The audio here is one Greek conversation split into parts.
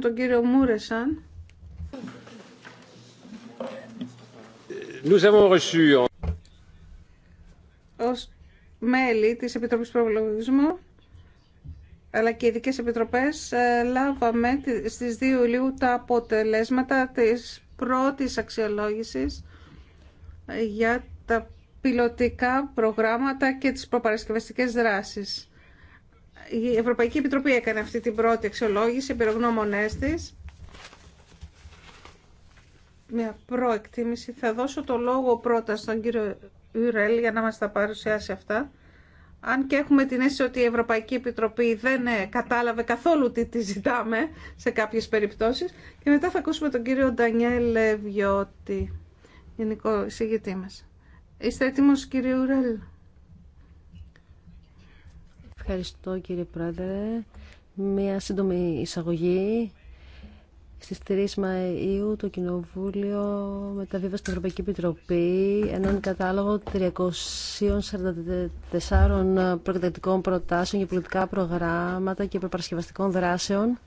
τον κύριο Μούρεσαν. Nous avons reçu... Ως μέλη της Επιτροπής Προβλογισμού, αλλά και ειδικέ επιτροπές ε, λάβαμε στις 2 Ιουλίου τα αποτελέσματα της πρώτης αξιολόγησης ε, για τα πιλωτικά προγράμματα και τις προπαρασκευαστικές δράσεις η Ευρωπαϊκή Επιτροπή έκανε αυτή την πρώτη αξιολόγηση εμπειρογνώμονές της. Μια προεκτίμηση. Θα δώσω το λόγο πρώτα στον κύριο Ιουρέλ για να μας τα παρουσιάσει αυτά. Αν και έχουμε την αίσθηση ότι η Ευρωπαϊκή Επιτροπή δεν ε, κατάλαβε καθόλου τι τη ζητάμε σε κάποιες περιπτώσεις. Και μετά θα ακούσουμε τον κύριο Ντανιέλ Βιώτη, γενικό εισηγητή μας. Είστε έτοιμος κύριε Ιουρέλ. Ευχαριστώ κύριε Πρόεδρε. Μία σύντομη εισαγωγή. Στις 3 Μαΐου το Κοινοβούλιο μεταβίβασε στην Ευρωπαϊκή Επιτροπή έναν κατάλογο 344 προκατακτικών προτάσεων για πολιτικά προγράμματα και προπαρασκευαστικών δράσεων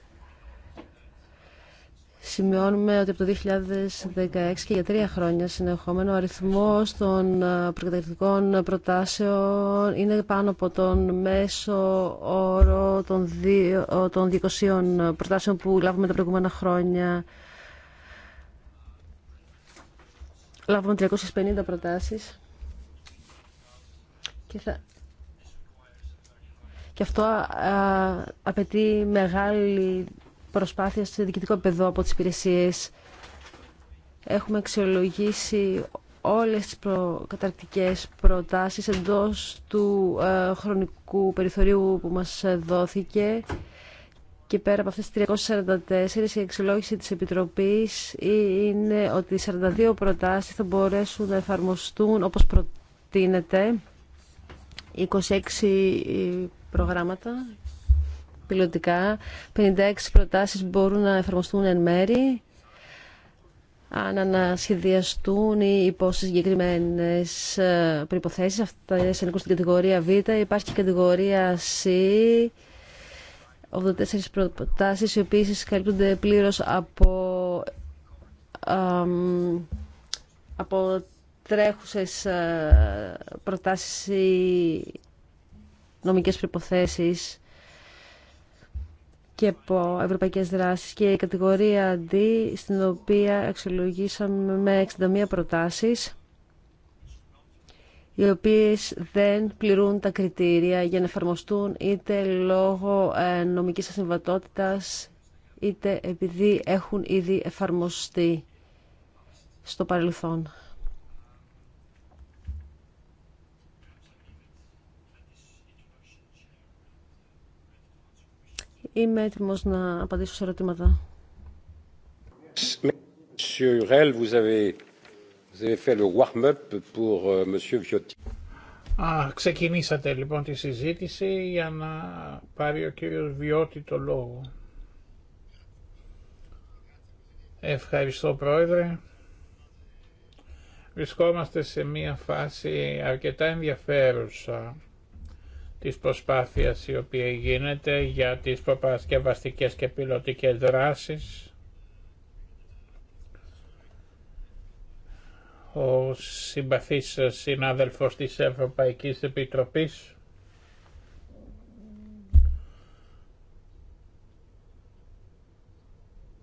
σημειώνουμε ότι από το 2016 και για τρία χρόνια συνεχόμενο ο αριθμός των προκαταρκτικών προτάσεων είναι πάνω από τον μέσο όρο των, 200 προτάσεων που λάβουμε τα προηγούμενα χρόνια. Λάβουμε 350 προτάσεις και Και αυτό απαιτεί μεγάλη Προσπάθεια σε διοικητικό επίπεδο από τις υπηρεσίες. Έχουμε αξιολογήσει όλες τις προκαταρκτικές προτάσεις εντό του ε, χρονικού περιθωρίου που μας δόθηκε και πέρα από αυτές τις 344 η αξιολόγηση τη επιτροπή είναι ότι 42 προτάσεις θα μπορέσουν να εφαρμοστούν όπως προτείνεται 26 ε, προγράμματα πιλωτικά. 56 προτάσεις μπορούν να εφαρμοστούν εν μέρη αν ανασχεδιαστούν οι υπό συγκεκριμένε ε, προποθέσει. Αυτά είναι στην κατηγορία Β. Υπάρχει και κατηγορία C. 84 προτάσεις οι οποίε καλύπτονται πλήρω από, από τρέχουσες ε, προτάσεις ή νομικές προϋποθέσεις και από ευρωπαϊκές δράσεις και η κατηγορία D στην οποία αξιολογήσαμε με 61 προτάσεις οι οποίες δεν πληρούν τα κριτήρια για να εφαρμοστούν είτε λόγω ε, νομικής ασυμβατότητας είτε επειδή έχουν ήδη εφαρμοστεί στο παρελθόν. Είμαι έτοιμο να απαντήσω σε ερωτήματα. ξεκινήσατε λοιπόν τη συζήτηση για να πάρει ο κύριος Βιώτη το λόγο. Ευχαριστώ πρόεδρε. Βρισκόμαστε σε μία φάση αρκετά ενδιαφέρουσα της προσπάθειας η οποία γίνεται για τις προπαρασκευαστικές και πιλωτικές δράσεις. Ο συμπαθής συνάδελφος της Ευρωπαϊκής Επιτροπής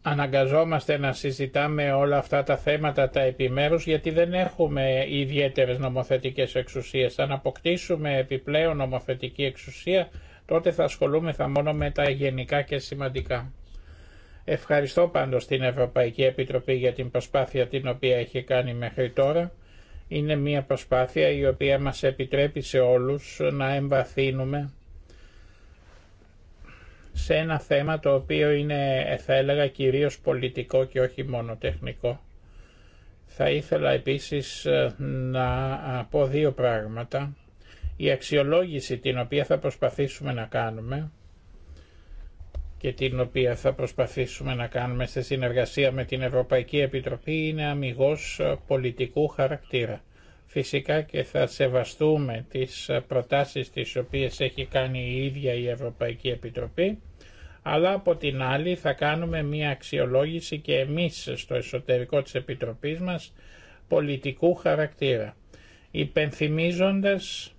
αναγκαζόμαστε να συζητάμε όλα αυτά τα θέματα τα επιμέρους γιατί δεν έχουμε ιδιαίτερες νομοθετικές εξουσίες. Αν αποκτήσουμε επιπλέον νομοθετική εξουσία τότε θα ασχολούμεθα μόνο με τα γενικά και σημαντικά. Ευχαριστώ πάντως την Ευρωπαϊκή Επιτροπή για την προσπάθεια την οποία έχει κάνει μέχρι τώρα. Είναι μια προσπάθεια η οποία μας επιτρέπει σε όλους να εμβαθύνουμε σε ένα θέμα το οποίο είναι θα έλεγα κυρίως πολιτικό και όχι μόνο τεχνικό. Θα ήθελα επίσης ε, να πω δύο πράγματα. Η αξιολόγηση την οποία θα προσπαθήσουμε να κάνουμε και την οποία θα προσπαθήσουμε να κάνουμε σε συνεργασία με την Ευρωπαϊκή Επιτροπή είναι αμυγός ε, πολιτικού χαρακτήρα. Φυσικά και θα σεβαστούμε τις προτάσεις τις οποίες έχει κάνει η ίδια η Ευρωπαϊκή Επιτροπή, αλλά από την άλλη θα κάνουμε μία αξιολόγηση και εμείς στο εσωτερικό της Επιτροπής μας πολιτικού χαρακτήρα, υπενθυμίζοντας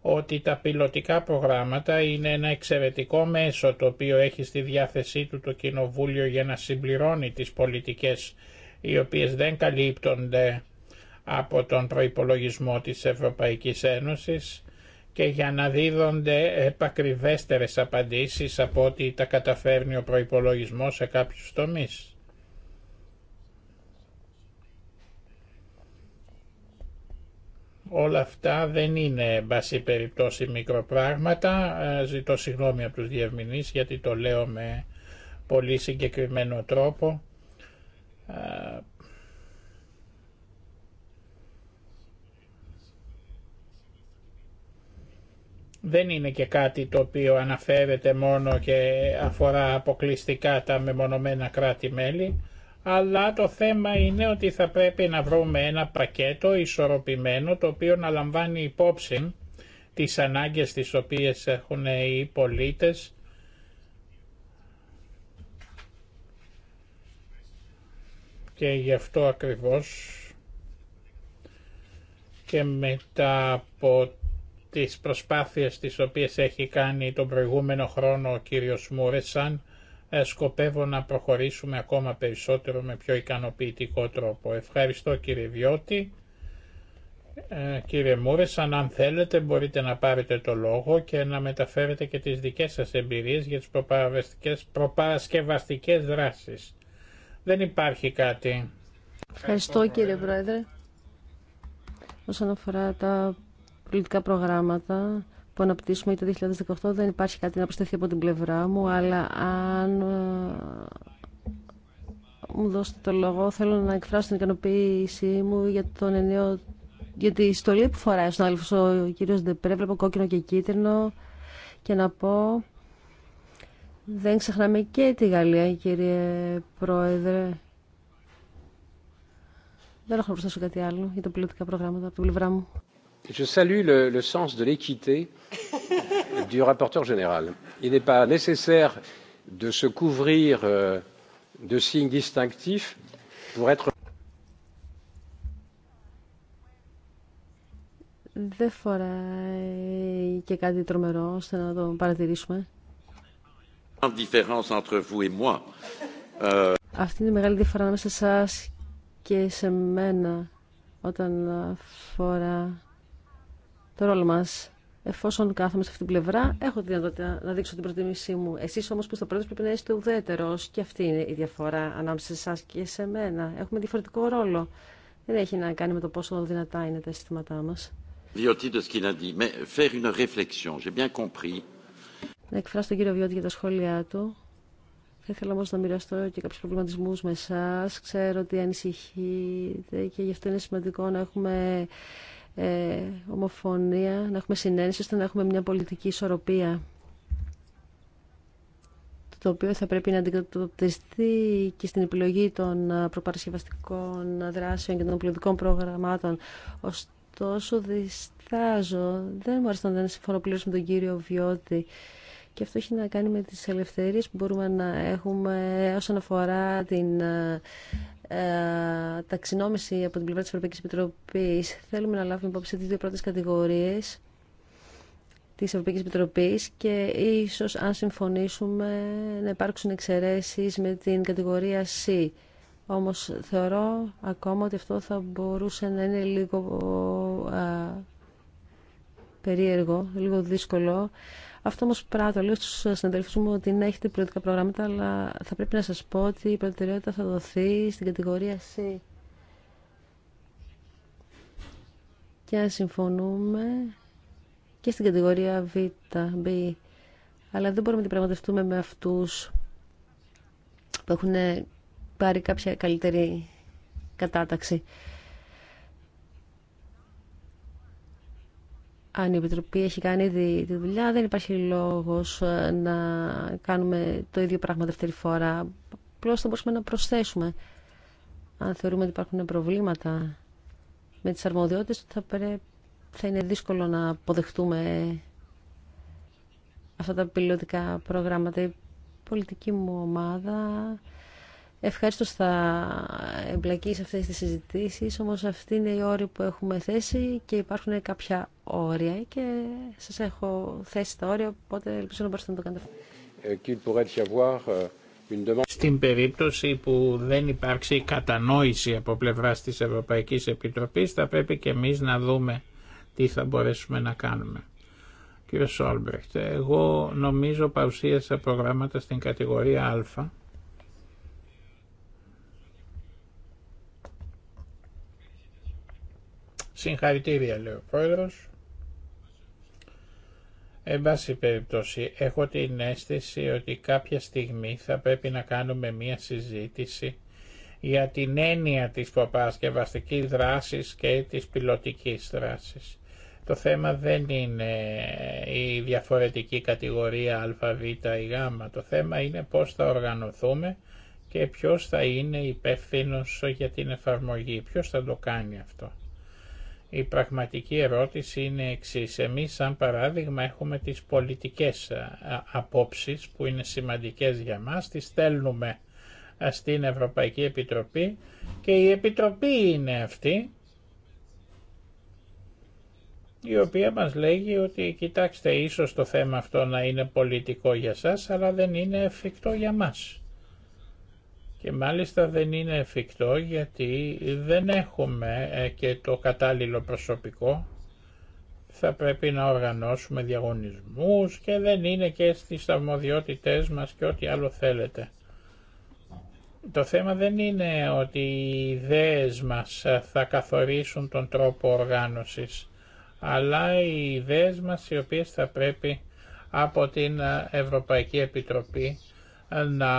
ότι τα πιλωτικά προγράμματα είναι ένα εξαιρετικό μέσο το οποίο έχει στη διάθεσή του το Κοινοβούλιο για να συμπληρώνει τις πολιτικές οι οποίες δεν καλύπτονται από τον προϋπολογισμό της Ευρωπαϊκής Ένωσης και για να δίδονται επακριβέστερες απαντήσεις από ό,τι τα καταφέρνει ο προϋπολογισμός σε κάποιους τομείς. Όλα αυτά δεν είναι, βασί περιπτώσει, μικροπράγματα. Ε, ζητώ συγγνώμη από τους διευμηνείς γιατί το λέω με πολύ συγκεκριμένο τρόπο ε, δεν είναι και κάτι το οποίο αναφέρεται μόνο και αφορά αποκλειστικά τα μεμονωμένα κράτη-μέλη, αλλά το θέμα είναι ότι θα πρέπει να βρούμε ένα πακέτο ισορροπημένο το οποίο να λαμβάνει υπόψη τις ανάγκες τις οποίες έχουν οι πολίτες και γι' αυτό ακριβώς και μετά από τις προσπάθειες τις οποίες έχει κάνει τον προηγούμενο χρόνο ο κύριος Μούρεσαν ε, σκοπεύω να προχωρήσουμε ακόμα περισσότερο με πιο ικανοποιητικό τρόπο. Ευχαριστώ κύριε Βιώτη. Ε, κύριε Μούρεσαν, αν θέλετε μπορείτε να πάρετε το λόγο και να μεταφέρετε και τις δικές σας εμπειρίες για τις προπαρασκευαστικές δράσεις. Δεν υπάρχει κάτι. Ευχαριστώ κύριε Πρόεδρε. Όσον αφορά τα πολιτικά προγράμματα που αναπτύσσουμε για το 2018 δεν υπάρχει κάτι να προσθεθεί από την πλευρά μου, αλλά αν ε, μου δώσετε το λόγο, θέλω να εκφράσω την ικανοποίησή μου για τον ενιαίο για τη στολή που φοράει ο συνάδελφος ο κύριος Ντεπρέ, βλέπω κόκκινο και κίτρινο και να πω δεν ξεχνάμε και τη Γαλλία κύριε Πρόεδρε δεν έχω να προσθέσω κάτι άλλο για τα πολιτικά προγράμματα από την πλευρά μου Je salue le, le sens de l'équité du rapporteur général. Il n'est pas nécessaire de se couvrir euh, de signes distinctifs pour être. Δεν φοράει και κάτι τρομερό ώστε να το παρατηρήσουμε. Entre vous et moi. Euh... Αυτή είναι η μεγάλη διαφορά ανάμεσα σε εσά και σε μένα όταν φορά το ρόλο μας. Εφόσον κάθομαι σε αυτήν την πλευρά, έχω τη δυνατότητα να δείξω την προτίμησή μου. Εσεί όμω που στο πρώτο πρέπει να είστε ουδέτερο, και αυτή είναι η διαφορά ανάμεσα σε εσά και σε μένα. Έχουμε διαφορετικό ρόλο. Δεν έχει να κάνει με το πόσο δυνατά είναι τα αισθήματά μα. Να εκφράσω τον κύριο Βιώτη για τα σχόλιά του. Θα ήθελα όμω να μοιραστώ και κάποιου προβληματισμού με εσά. Ξέρω ότι ανησυχείτε και γι' αυτό είναι σημαντικό να έχουμε ε, ομοφωνία, να έχουμε συνένεση ώστε να έχουμε μια πολιτική ισορροπία το οποίο θα πρέπει να αντικατοπτριστεί και στην επιλογή των προπαρασκευαστικών δράσεων και των πολιτικών προγραμμάτων. Ωστόσο, διστάζω. Δεν μου αρέσει να δεν συμφωνώ πλήρω με τον κύριο Βιώτη. Και αυτό έχει να κάνει με τις ελευθερίες που μπορούμε να έχουμε όσον αφορά την ε, ταξινόμηση από την πλευρά της Ευρωπαϊκής Επιτροπής θέλουμε να λάβουμε υπόψη τις δύο πρώτες κατηγορίες της Ευρωπαϊκής Επιτροπής και ίσως αν συμφωνήσουμε να υπάρξουν εξαιρέσεις με την κατηγορία C. Όμως θεωρώ ακόμα ότι αυτό θα μπορούσε να είναι λίγο ε, περίεργο, λίγο δύσκολο αυτό όμω πράττω λίγο στου συναδελφού μου ότι ναι, έχετε πολιτικά προγράμματα, αλλά θα πρέπει να σα πω ότι η προτεραιότητα θα δοθεί στην κατηγορία C. Και αν συμφωνούμε και στην κατηγορία Β, B. Αλλά δεν μπορούμε να πραγματευτούμε με αυτού που έχουν πάρει κάποια καλύτερη κατάταξη. αν η Επιτροπή έχει κάνει τη δουλειά, δεν υπάρχει λόγος ε, να κάνουμε το ίδιο πράγμα δεύτερη φορά. Απλώς θα μπορούσαμε να προσθέσουμε. Αν θεωρούμε ότι υπάρχουν προβλήματα με τις αρμοδιότητες, θα, θα είναι δύσκολο να αποδεχτούμε αυτά τα πιλωτικά προγράμματα. Η πολιτική μου ομάδα Ευχαριστώ θα εμπλακεί σε αυτές τις συζητήσεις, όμως αυτή είναι η όρη που έχουμε θέσει και υπάρχουν κάποια όρια και σας έχω θέσει τα όρια, οπότε ελπίζω να μπορέσετε να το κάνετε. Ε, euh, στην περίπτωση που δεν υπάρξει κατανόηση από πλευράς της Ευρωπαϊκής Επιτροπής θα πρέπει και εμείς να δούμε τι θα μπορέσουμε να κάνουμε. Κύριε Σόλμπρεχτ, εγώ νομίζω παρουσίασα προγράμματα στην κατηγορία Α Συγχαρητήρια λέει ο πρόεδρος. Εν πάση περιπτώσει, έχω την αίσθηση ότι κάποια στιγμή θα πρέπει να κάνουμε μία συζήτηση για την έννοια της προπαρασκευαστικής δράσης και της πιλωτικής δράσης. Το θέμα δεν είναι η διαφορετική κατηγορία α, β ή γ. Το θέμα είναι πώς θα οργανωθούμε και ποιος θα είναι υπεύθυνο για την εφαρμογή, ποιος θα το κάνει αυτό. Η πραγματική ερώτηση είναι εξή Εμείς σαν παράδειγμα έχουμε τις πολιτικές ε, απόψεις που είναι σημαντικές για μας, τις στέλνουμε ε, στην Ευρωπαϊκή Επιτροπή και η Επιτροπή είναι αυτή η οποία μας λέγει ότι κοιτάξτε ίσως το θέμα αυτό να είναι πολιτικό για σας αλλά δεν είναι εφικτό για μας. Και μάλιστα δεν είναι εφικτό γιατί δεν έχουμε ε, και το κατάλληλο προσωπικό. Θα πρέπει να οργανώσουμε διαγωνισμούς και δεν είναι και στις αρμοδιότητές μας και ό,τι άλλο θέλετε. Το θέμα δεν είναι ότι οι ιδέες μας θα καθορίσουν τον τρόπο οργάνωσης, αλλά οι ιδέες μας οι οποίες θα πρέπει από την Ευρωπαϊκή Επιτροπή να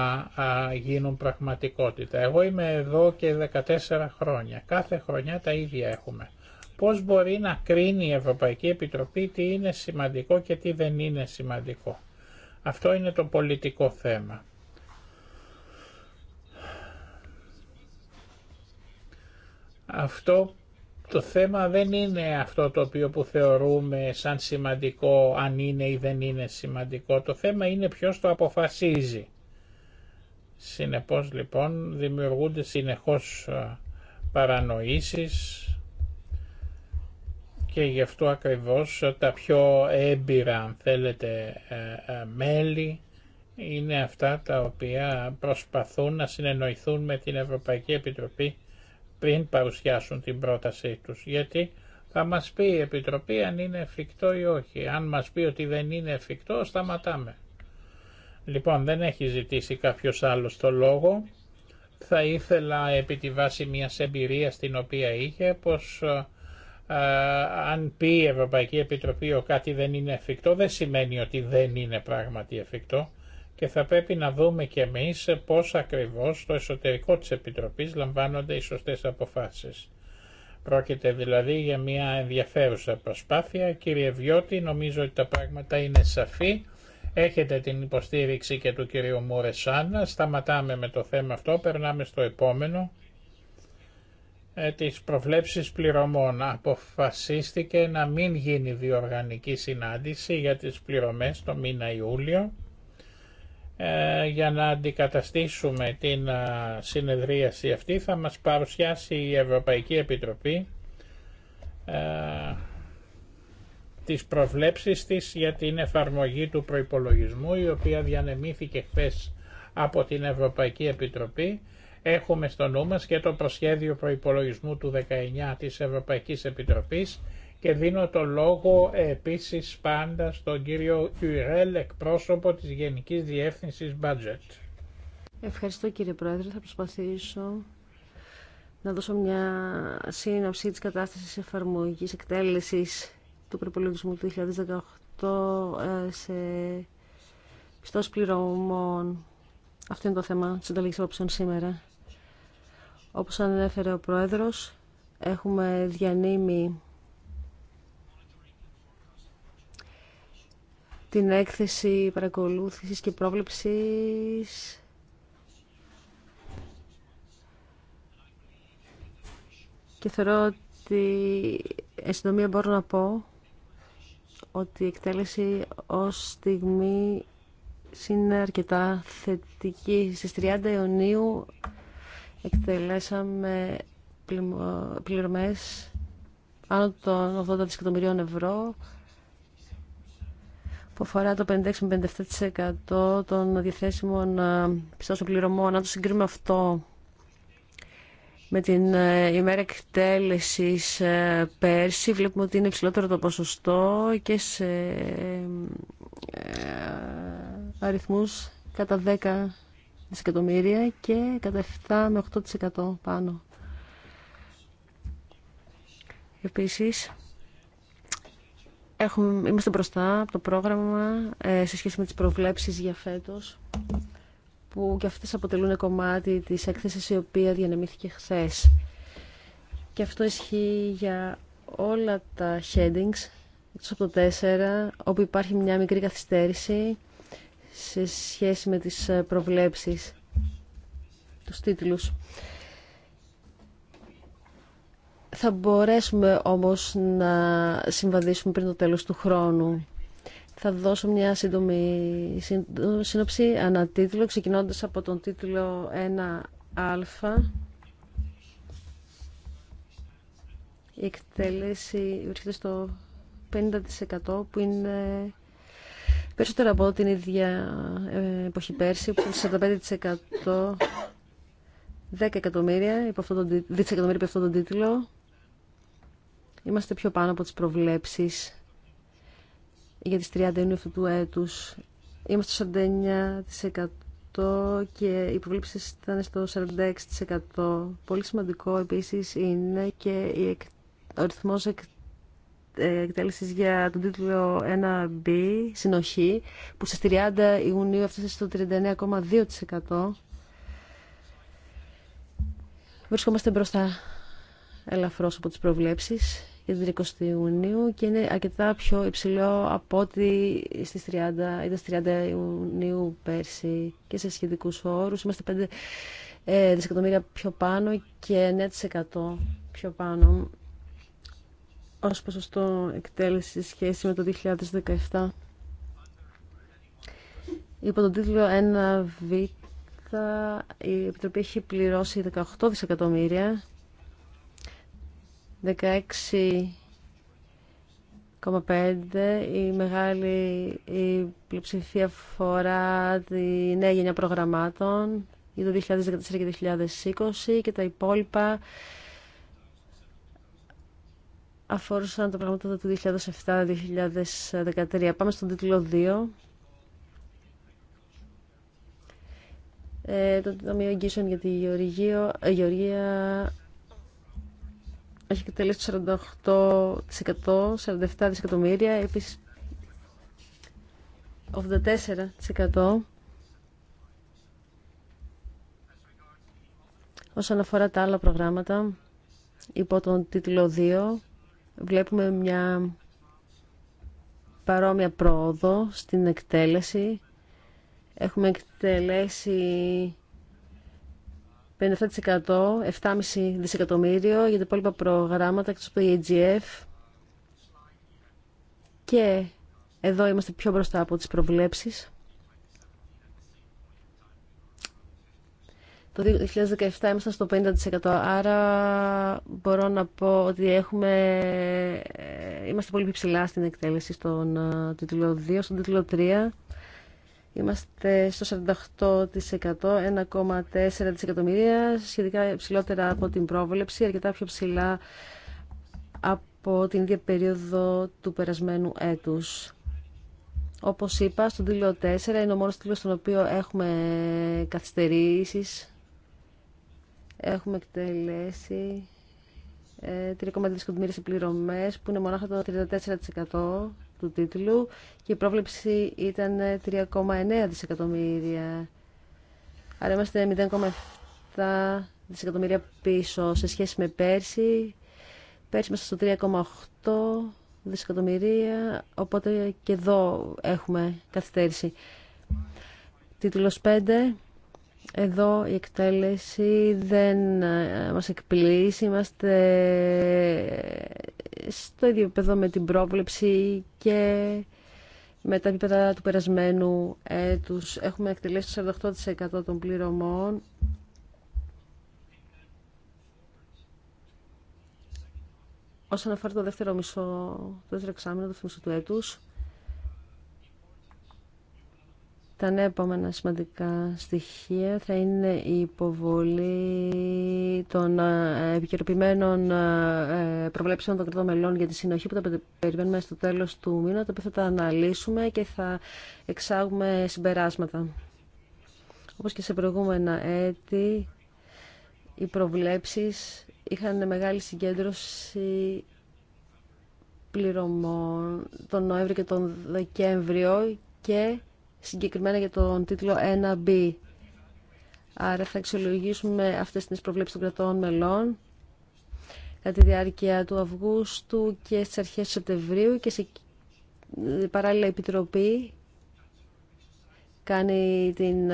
γίνουν πραγματικότητα. Εγώ είμαι εδώ και 14 χρόνια. Κάθε χρονιά τα ίδια έχουμε. Πώς μπορεί να κρίνει η Ευρωπαϊκή Επιτροπή τι είναι σημαντικό και τι δεν είναι σημαντικό. Αυτό είναι το πολιτικό θέμα. Αυτό το θέμα δεν είναι αυτό το οποίο που θεωρούμε σαν σημαντικό αν είναι ή δεν είναι σημαντικό. Το θέμα είναι ποιος το αποφασίζει. Συνεπώς λοιπόν δημιουργούνται συνεχώς ε, παρανοήσεις και γι' αυτό ακριβώς ε, τα πιο έμπειρα αν θέλετε ε, μέλη είναι αυτά τα οποία προσπαθούν να συνεννοηθούν με την Ευρωπαϊκή Επιτροπή πριν παρουσιάσουν την πρότασή τους. Γιατί θα μας πει η Επιτροπή αν είναι εφικτό ή όχι. Αν μας πει ότι δεν είναι εφικτό σταματάμε. Λοιπόν, δεν έχει ζητήσει κάποιος άλλος το λόγο. Θα ήθελα επί τη βάση μιας εμπειρίας την οποία είχε πως ε, ε, αν πει η Ευρωπαϊκή Επιτροπή ότι κάτι δεν είναι εφικτό δεν σημαίνει ότι δεν είναι πράγματι εφικτό και θα πρέπει να δούμε και εμείς πώς ακριβώς στο εσωτερικό της Επιτροπής λαμβάνονται οι σωστές αποφάσεις. Πρόκειται δηλαδή για μια ενδιαφέρουσα προσπάθεια. Κύριε Βιώτη, νομίζω ότι τα πράγματα είναι σαφή. Έχετε την υποστήριξη και του κυρίου Μουρεσάν. Σταματάμε με το θέμα αυτό, περνάμε στο επόμενο. Ε, τις προβλέψεις πληρωμών αποφασίστηκε να μην γίνει διοργανική συνάντηση για τις πληρωμές το μήνα Ιούλιο ε, για να αντικαταστήσουμε την συνεδρίαση αυτή θα μας παρουσιάσει η Ευρωπαϊκή Επιτροπή ε, τις προβλέψεις της για την εφαρμογή του προϋπολογισμού η οποία διανεμήθηκε χθε από την Ευρωπαϊκή Επιτροπή. Έχουμε στο νου μας και το προσχέδιο προϋπολογισμού του 19 της Ευρωπαϊκής Επιτροπής και δίνω το λόγο επίσης πάντα στον κύριο Ιουρέλ, εκπρόσωπο της Γενικής Διεύθυνσης Budget. Ευχαριστώ κύριε Πρόεδρε. Θα προσπαθήσω να δώσω μια σύνοψη της κατάστασης εφαρμογής εκτέλεσης του προπολογισμού του 2018 ε, σε πιστός πληρωμών. Αυτό είναι το θέμα της ανταλλαγής απόψεων σήμερα. Όπως ανέφερε ο Πρόεδρος, έχουμε διανύμει την έκθεση παρακολούθησης και πρόβλεψης και θεωρώ ότι εν συντομία μπορώ να πω ότι η εκτέλεση ως στιγμή είναι αρκετά θετική. Στις 30 Ιουνίου εκτελέσαμε πληρωμές άνω των 80 δισεκατομμυρίων ευρώ που αφορά το 56-57% των διαθέσιμων ε, πιστώσεων πληρωμών. Αν το συγκρίνουμε αυτό με την ε, ημέρα εκτέλεση ε, πέρσι βλέπουμε ότι είναι υψηλότερο το ποσοστό και σε ε, αριθμούς κατά 10 δισεκατομμύρια και κατά 7 με 8% πάνω. Επίσης, έχουμε, είμαστε μπροστά από το πρόγραμμα σε σχέση με τις προβλέψεις για φέτος που και αυτές αποτελούν κομμάτι της έκθεσης η οποία διανεμήθηκε χθε. Και αυτό ισχύει για όλα τα headings, εκτός από το 4, όπου υπάρχει μια μικρή καθυστέρηση σε σχέση με τις προβλέψεις, του τίτλους. Θα μπορέσουμε όμως να συμβαδίσουμε πριν το τέλος του χρόνου. Θα δώσω μια σύντομη σύνοψη ανατίτλου, ξεκινώντας από τον τίτλο 1α. Η εκτέλεση βρίσκεται στο 50% που είναι περισσότερο από την ίδια ε, εποχή πέρσι, που είναι 45% 10 εκατομμύρια, υπό εκατομμύρια τον, δισεκατομμύρια υπό αυτόν τον τίτλο. Είμαστε πιο πάνω από τις προβλέψεις για τις 30 Ιουνίου αυτού του έτους. Είμαστε στο 49% και οι προβλήψεις ήταν στο 46%. Πολύ σημαντικό επίσης είναι και ο ρυθμός ε, εκτέλεσης για τον τίτλο 1B, συνοχή, που στις 30 Ιουνίου έφτασε στο 39,2%. Βρισκόμαστε μπροστά ελαφρώς από τις προβλέψεις για την 20 και είναι αρκετά πιο υψηλό από ό,τι στις 30, ήταν στις 30 Ιουνίου πέρσι και σε σχετικούς όρους. Είμαστε 5 ε, δισεκατομμύρια πιο πάνω και 9% πιο πάνω ως ποσοστό εκτέλεση σχέση με το 2017. Υπό τον τίτλο 1β η Επιτροπή έχει πληρώσει 18 δισεκατομμύρια 16,5 η μεγάλη η πλειοψηφία αφορά τη νέα γενιά προγραμμάτων για το 2014 και 2020 και τα υπόλοιπα αφορούσαν τα πράγματα του 2007-2013. Πάμε στον τίτλο 2. Ε, το Ταμείο Εγγύσεων για τη Γεωργία, έχει εκτελέσει 48%, 47 δισεκατομμύρια, επίσης 84% Όσον αφορά τα άλλα προγράμματα, υπό τον τίτλο 2, βλέπουμε μια παρόμοια πρόοδο στην εκτέλεση. Έχουμε εκτελέσει 57%, 7,5 δισεκατομμύριο για τα υπόλοιπα προγράμματα εκτός από το EGF και εδώ είμαστε πιο μπροστά από τις προβλέψεις. Το 2017 είμαστε στο 50%, άρα μπορώ να πω ότι έχουμε, είμαστε πολύ ψηλά στην εκτέλεση στον ε, τίτλο 2, στον τίτλο 3. Είμαστε στο 48%, 1,4 δισεκατομμύρια, σχετικά υψηλότερα από την πρόβλεψη, αρκετά πιο ψηλά από την ίδια περίοδο του περασμένου έτους. Όπως είπα, στον τίτλο 4 είναι ο μόνος τίτλος στον οποίο έχουμε καθυστερήσεις. Έχουμε εκτελέσει 3,2 ε, δισεκατομμύρια σε πληρωμές, που είναι μονάχα το 34% του τίτλου και η πρόβλεψη ήταν 3,9 δισεκατομμύρια. Άρα είμαστε 0,7 δισεκατομμύρια πίσω σε σχέση με πέρσι. Πέρσι είμαστε στο 3,8 δισεκατομμυρία, οπότε και εδώ έχουμε καθυστέρηση. Τίτλος 5. Εδώ η εκτέλεση δεν ε, μας εκπλήσει, είμαστε στο ίδιο επίπεδο με την πρόβλεψη και με τα επίπεδα του περασμένου έτους. Έχουμε εκτελέσει το 48% των πληρωμών. Όσον αφορά το δεύτερο μισό, το δεύτερο εξάμεινο, το μισό του έτους, τα νέα επόμενα σημαντικά στοιχεία θα είναι η υποβολή των ε, επικαιροποιημένων ε, προβλέψεων των κρατών μελών για τη συνοχή που τα περιμένουμε στο τέλος του μήνα, τα οποία θα τα αναλύσουμε και θα εξάγουμε συμπεράσματα. Όπως και σε προηγούμενα έτη, οι προβλέψεις είχαν μεγάλη συγκέντρωση πληρωμών τον Νοέμβριο και τον Δεκέμβριο και συγκεκριμένα για τον τίτλο 1B. Άρα θα αξιολογήσουμε αυτές τις προβλέψεις των κρατών μελών κατά τη διάρκεια του Αυγούστου και στις αρχές του Σεπτεμβρίου και σε παράλληλα Επιτροπή κάνει την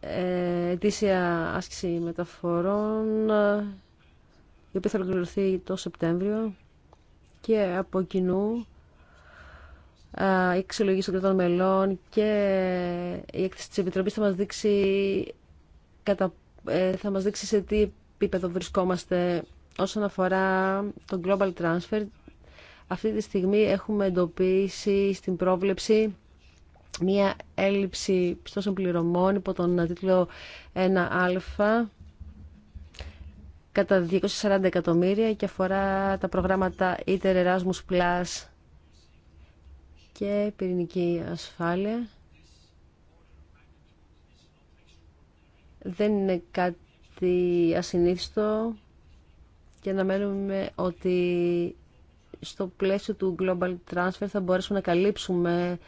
ε, ετήσια άσκηση μεταφορών η οποία θα ολοκληρωθεί το Σεπτέμβριο και από κοινού η αξιολογήση των κρατών μελών και η έκθεση της Επιτροπής θα μας δείξει, κατα, ε, δείξει σε τι επίπεδο βρισκόμαστε όσον αφορά τον Global Transfer. Αυτή τη στιγμή έχουμε εντοπίσει στην πρόβλεψη μία έλλειψη πιστώσεων πληρωμών υπό τον τίτλο 1α κατά 240 εκατομμύρια και αφορά τα προγράμματα ITER Erasmus Plus και πυρηνική ασφάλεια. Δεν είναι κάτι ασυνήθιστο και αναμένουμε ότι στο πλαίσιο του Global Transfer θα μπορέσουμε να καλύψουμε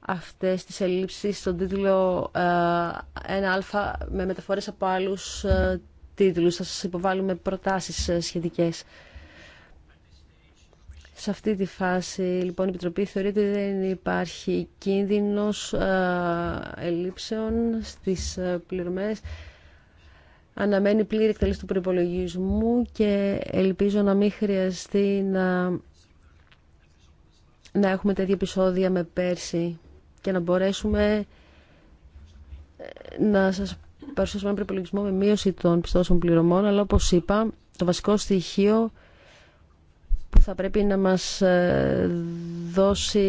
αυτές τις ελλείψεις στον τίτλο 1α ε, με μεταφορές από άλλους ε, τίτλους. Θα σας υποβάλουμε προτάσεις ε, σχετικές. Σε αυτή τη φάση, λοιπόν, η Επιτροπή θεωρεί ότι δεν υπάρχει κίνδυνος ε, ελλείψεων στις ε, πληρωμές. Αναμένει πλήρη εκτέλεση του προπολογισμού και ελπίζω να μην χρειαστεί να, έχουμε τέτοια επεισόδια με πέρσι και να μπορέσουμε ε, να σας παρουσιάσουμε ένα προπολογισμό με μείωση των πιστώσεων πληρωμών, αλλά όπως είπα, το βασικό στοιχείο θα πρέπει να μας ε, δώσει,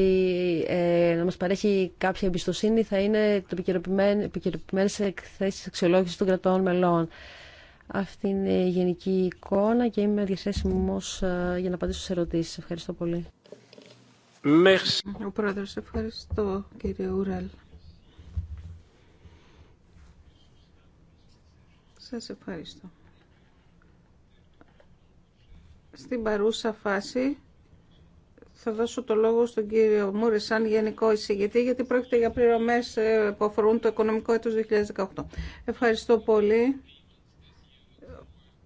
ε, να μας παρέχει κάποια εμπιστοσύνη θα είναι το σε εκθέσεις αξιολόγησης των κρατών μελών. Αυτή είναι η γενική εικόνα και είμαι διαθέσιμος ε, για να απαντήσω σε ερωτήσεις. Ευχαριστώ πολύ. Ο πρόεδρος, ευχαριστώ κύριε Ουραλ. Σας ευχαριστώ. Στην παρούσα φάση θα δώσω το λόγο στον κύριο Μούρη σαν γενικό εισηγητή γιατί πρόκειται για πληρωμές ε, που αφορούν το οικονομικό έτος 2018. Ευχαριστώ πολύ.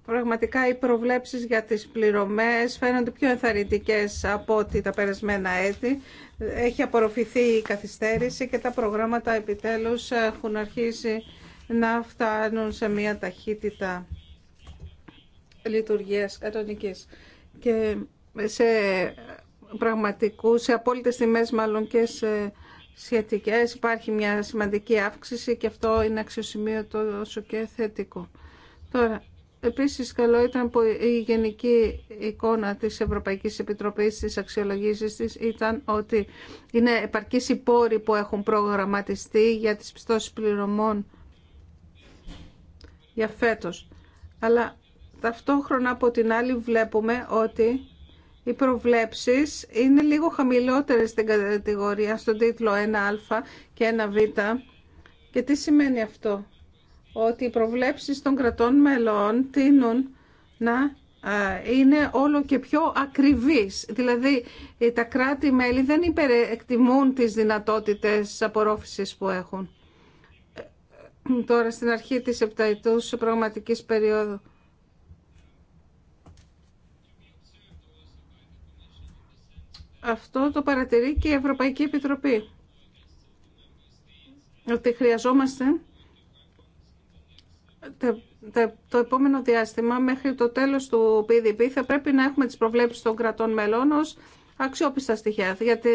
Πραγματικά οι προβλέψεις για τις πληρωμές φαίνονται πιο ενθαρρυντικές από ότι τα περασμένα έτη. Έχει απορροφηθεί η καθυστέρηση και τα προγράμματα επιτέλους έχουν αρχίσει να φτάνουν σε μια ταχύτητα λειτουργίας κανονικής και σε πραγματικού, σε απόλυτες τιμές μάλλον και σε σχετικές υπάρχει μια σημαντική αύξηση και αυτό είναι αξιοσημείωτο όσο και θετικό. Τώρα, Επίσης καλό ήταν που η γενική εικόνα της Ευρωπαϊκής Επιτροπής της αξιολογήσεις της ήταν ότι είναι επαρκείς οι πόροι που έχουν προγραμματιστεί για τις πιστώσεις πληρωμών για φέτος. Αλλά Ταυτόχρονα από την άλλη βλέπουμε ότι οι προβλέψεις είναι λίγο χαμηλότερες στην κατηγορία, στον τίτλο 1α και 1β. Και τι σημαίνει αυτό. Ότι οι προβλέψεις των κρατών μελών τείνουν να είναι όλο και πιο ακριβής. Δηλαδή τα κράτη-μέλη δεν υπερεκτιμούν τις δυνατότητες απορρόφησης που έχουν. Ε, ε, τώρα στην αρχή της επταετούς πραγματικής περίοδου. Αυτό το παρατηρεί και η Ευρωπαϊκή Επιτροπή. Ότι χρειαζόμαστε το επόμενο διάστημα μέχρι το τέλος του PDP θα πρέπει να έχουμε τις προβλέψεις των κρατών μελών ως αξιόπιστα στοιχεία. Γιατί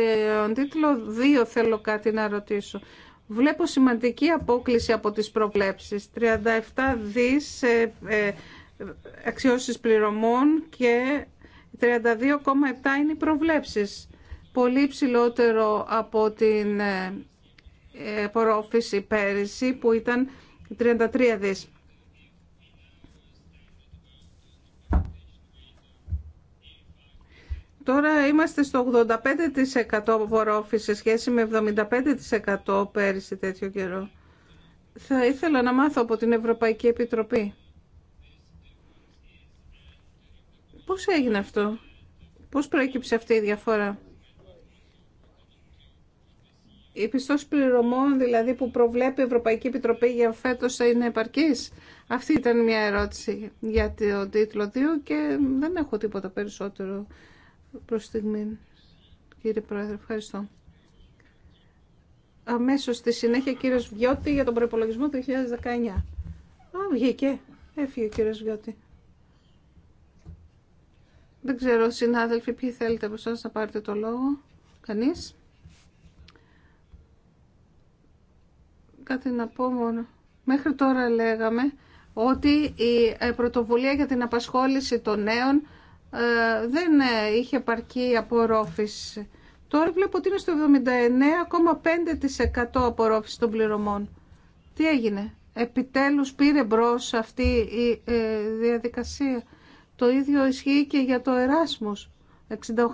τον τίτλο 2 θέλω κάτι να ρωτήσω. Βλέπω σημαντική απόκληση από τις προβλέψεις. 37 δις ε, ε, αξιώσεις πληρωμών και 32,7 είναι οι προβλέψεις. Πολύ ψηλότερο από την ε, απορρόφηση πέρυσι που ήταν 33 δις. Τώρα είμαστε στο 85% απορρόφηση σε σχέση με 75% πέρυσι τέτοιο καιρό. Θα ήθελα να μάθω από την Ευρωπαϊκή Επιτροπή. Πώς έγινε αυτό, πώς προέκυψε αυτή η διαφορά. Η πιστός πληρωμών δηλαδή που προβλέπει η Ευρωπαϊκή Επιτροπή για φέτος είναι επαρκής. Αυτή ήταν μια ερώτηση για το τίτλο 2 και δεν έχω τίποτα περισσότερο προς στιγμή. Κύριε Πρόεδρε, ευχαριστώ. Αμέσως στη συνέχεια κύριος Βιώτη για τον προϋπολογισμό του 2019. Α, βγήκε. Έφυγε ο κύριος Βιώτη. Δεν ξέρω, συνάδελφοι, ποιοι θέλετε από να πάρετε το λόγο. Κανείς. Κάτι να πω μόνο. Μέχρι τώρα λέγαμε ότι η ε, πρωτοβουλία για την απασχόληση των νέων ε, δεν ε, είχε παρκή απορρόφηση. Τώρα βλέπω ότι είναι στο 79,5% απορρόφηση των πληρωμών. Τι έγινε. Επιτέλους πήρε μπρος αυτή η διαδικασία. Το ίδιο ισχύει και για το Εράσμος. 68% ε,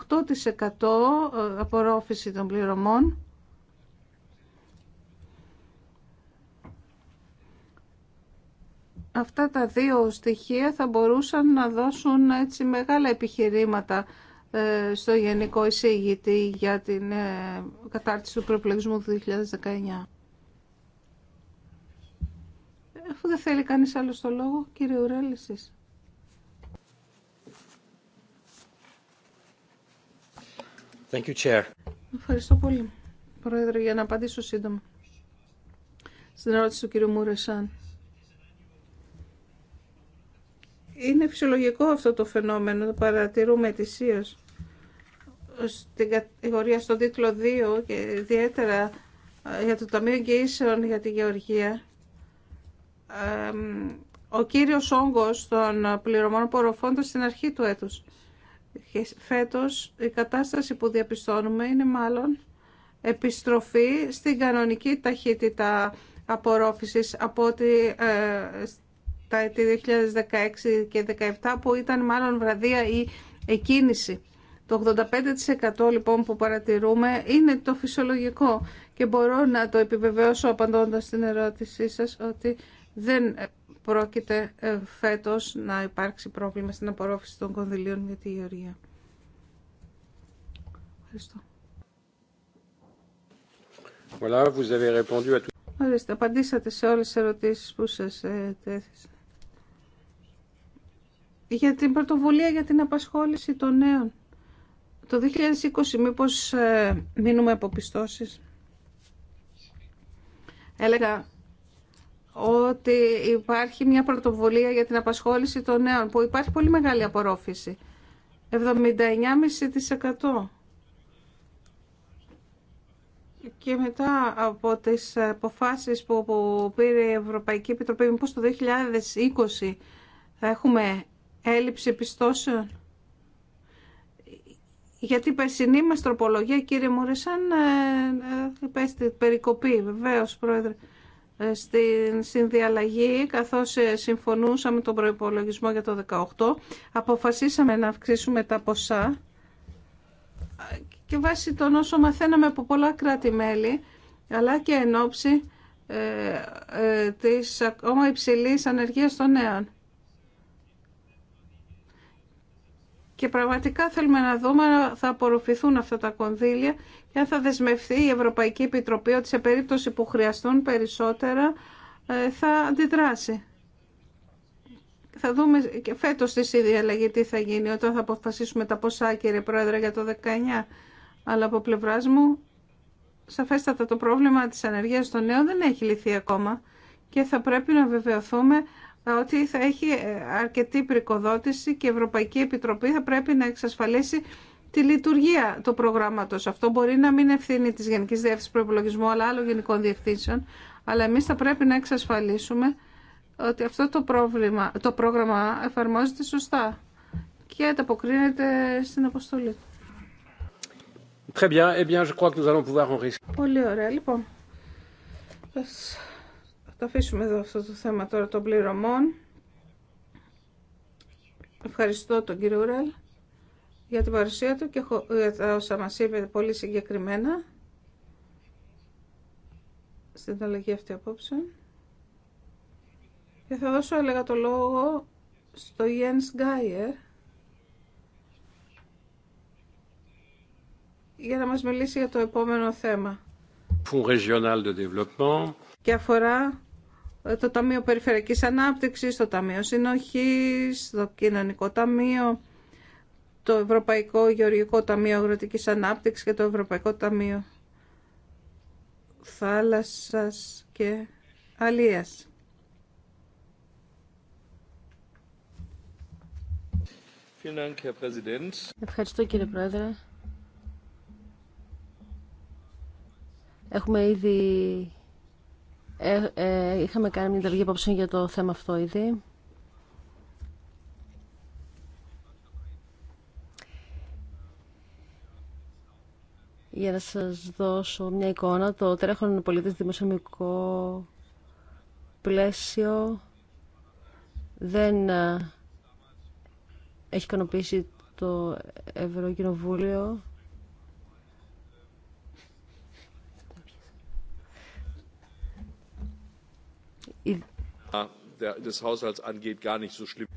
απορρόφηση των πληρωμών. Αυτά τα δύο στοιχεία θα μπορούσαν να δώσουν έτσι μεγάλα επιχειρήματα ε, στο Γενικό Εισήγητη για την ε, κατάρτιση του προεπλεγισμού του 2019. Αφού δεν θέλει κανείς άλλο το λόγο, κύριε Ουρέλη, Ευχαριστώ πολύ, Πρόεδρε, για να απαντήσω σύντομα στην ερώτηση του κύριου Μουρεσάν. Είναι φυσιολογικό αυτό το φαινόμενο, το παρατηρούμε ετησίως στην κατηγορία στον τίτλο 2 και ιδιαίτερα ε, για το Ταμείο Εγγυήσεων για τη Γεωργία. Ε, ο κύριος όγκος των πληρωμών απορροφώντας στην αρχή του έτους φέτος η κατάσταση που διαπιστώνουμε είναι μάλλον επιστροφή στην κανονική ταχύτητα απορρόφησης από ότι ε, τα έτη 2016 και 2017 που ήταν μάλλον βραδία η εκκίνηση. Το 85% λοιπόν που παρατηρούμε είναι το φυσιολογικό και μπορώ να το επιβεβαιώσω απαντώντας στην ερώτησή σας ότι δεν πρόκειται ε, φέτος να υπάρξει πρόβλημα στην απορρόφηση των κονδυλίων για τη γεωργία. Ευχαριστώ. Voilà, απαντήσατε σε όλες τις ερωτήσεις που σας ε, τέθησα. Για την πρωτοβουλία για την απασχόληση των νέων. Το 2020 μήπως ε, μείνουμε από πιστώσεις. Έλεγα ότι υπάρχει μια πρωτοβουλία για την απασχόληση των νέων που υπάρχει πολύ μεγάλη απορρόφηση. 79,5%. Και μετά από τις αποφάσεις που πήρε η Ευρωπαϊκή Επιτροπή, μήπως το 2020 θα έχουμε έλλειψη πιστώσεων. Γιατί η περσινή μας τροπολογία, κύριε Μουρεσάν, ε, ε, υπέστη περικοπή, βεβαίως, πρόεδρε στην συνδιαλλαγή, καθώς ε, συμφωνούσαμε τον προϋπολογισμό για το 2018, αποφασίσαμε να αυξήσουμε τα ποσά και βάσει των οσο μαθαιναμε μαθαίναμε από πολλά κράτη-μέλη, αλλά και εν ώψη ε, ε, της ακόμα υψηλής ανεργίας των νέων. Και πραγματικά θέλουμε να δούμε να θα απορροφηθούν αυτά τα κονδύλια θα δεσμευτεί η Ευρωπαϊκή Επιτροπή ότι σε περίπτωση που χρειαστούν περισσότερα ε, θα αντιδράσει. Θα δούμε και φέτος τη συνδιαλλαγή τι θα γίνει όταν θα αποφασίσουμε τα ποσά, κύριε Πρόεδρε, για το 19. Αλλά από πλευρά μου, σαφέστατα το πρόβλημα της ανεργίας των νέων δεν έχει λυθεί ακόμα και θα πρέπει να βεβαιωθούμε ε, ότι θα έχει ε, αρκετή πρικοδότηση και η Ευρωπαϊκή Επιτροπή θα πρέπει να εξασφαλίσει τη λειτουργία του προγράμματο Αυτό μπορεί να μην ευθύνει τη Γενική Διεύθυνση Προϋπολογισμού αλλά άλλων γενικών διευθύνσεων, αλλά εμείς θα πρέπει να εξασφαλίσουμε ότι αυτό το, πρόβλημα, το πρόγραμμα εφαρμόζεται σωστά και ανταποκρίνεται στην αποστολή. Très bien. Eh bien, je crois que nous allons pouvoir en Πολύ ωραία. Λοιπόν, θα το αφήσουμε εδώ αυτό το θέμα τώρα των πληρωμών. Ευχαριστώ τον κύριο Ρέλ για την παρουσία του και θα ε, όσα μας είπε πολύ συγκεκριμένα στην αλλαγή αυτή απόψε. Και θα δώσω έλεγα το λόγο στο Jens Geier για να μας μιλήσει για το επόμενο θέμα. Και αφορά ε, το Ταμείο Περιφερειακής Ανάπτυξης, το Ταμείο Συνοχής, το Κοινωνικό Ταμείο το Ευρωπαϊκό Γεωργικό Ταμείο Αγροτικής Ανάπτυξης και το Ευρωπαϊκό Ταμείο Θάλασσας και Αλίας. Ευχαριστώ κύριε Πρόεδρε. Έχουμε ήδη... Ε, ε, είχαμε κάνει μια ανταλλαγή απόψεων για το θέμα αυτό ήδη. Για να σας δώσω μια εικόνα, το τρέχον πολίτης δημοσιονομικό πλαίσιο δεν ε, έχει ικανοποιήσει το Ευρωκοινοβούλιο.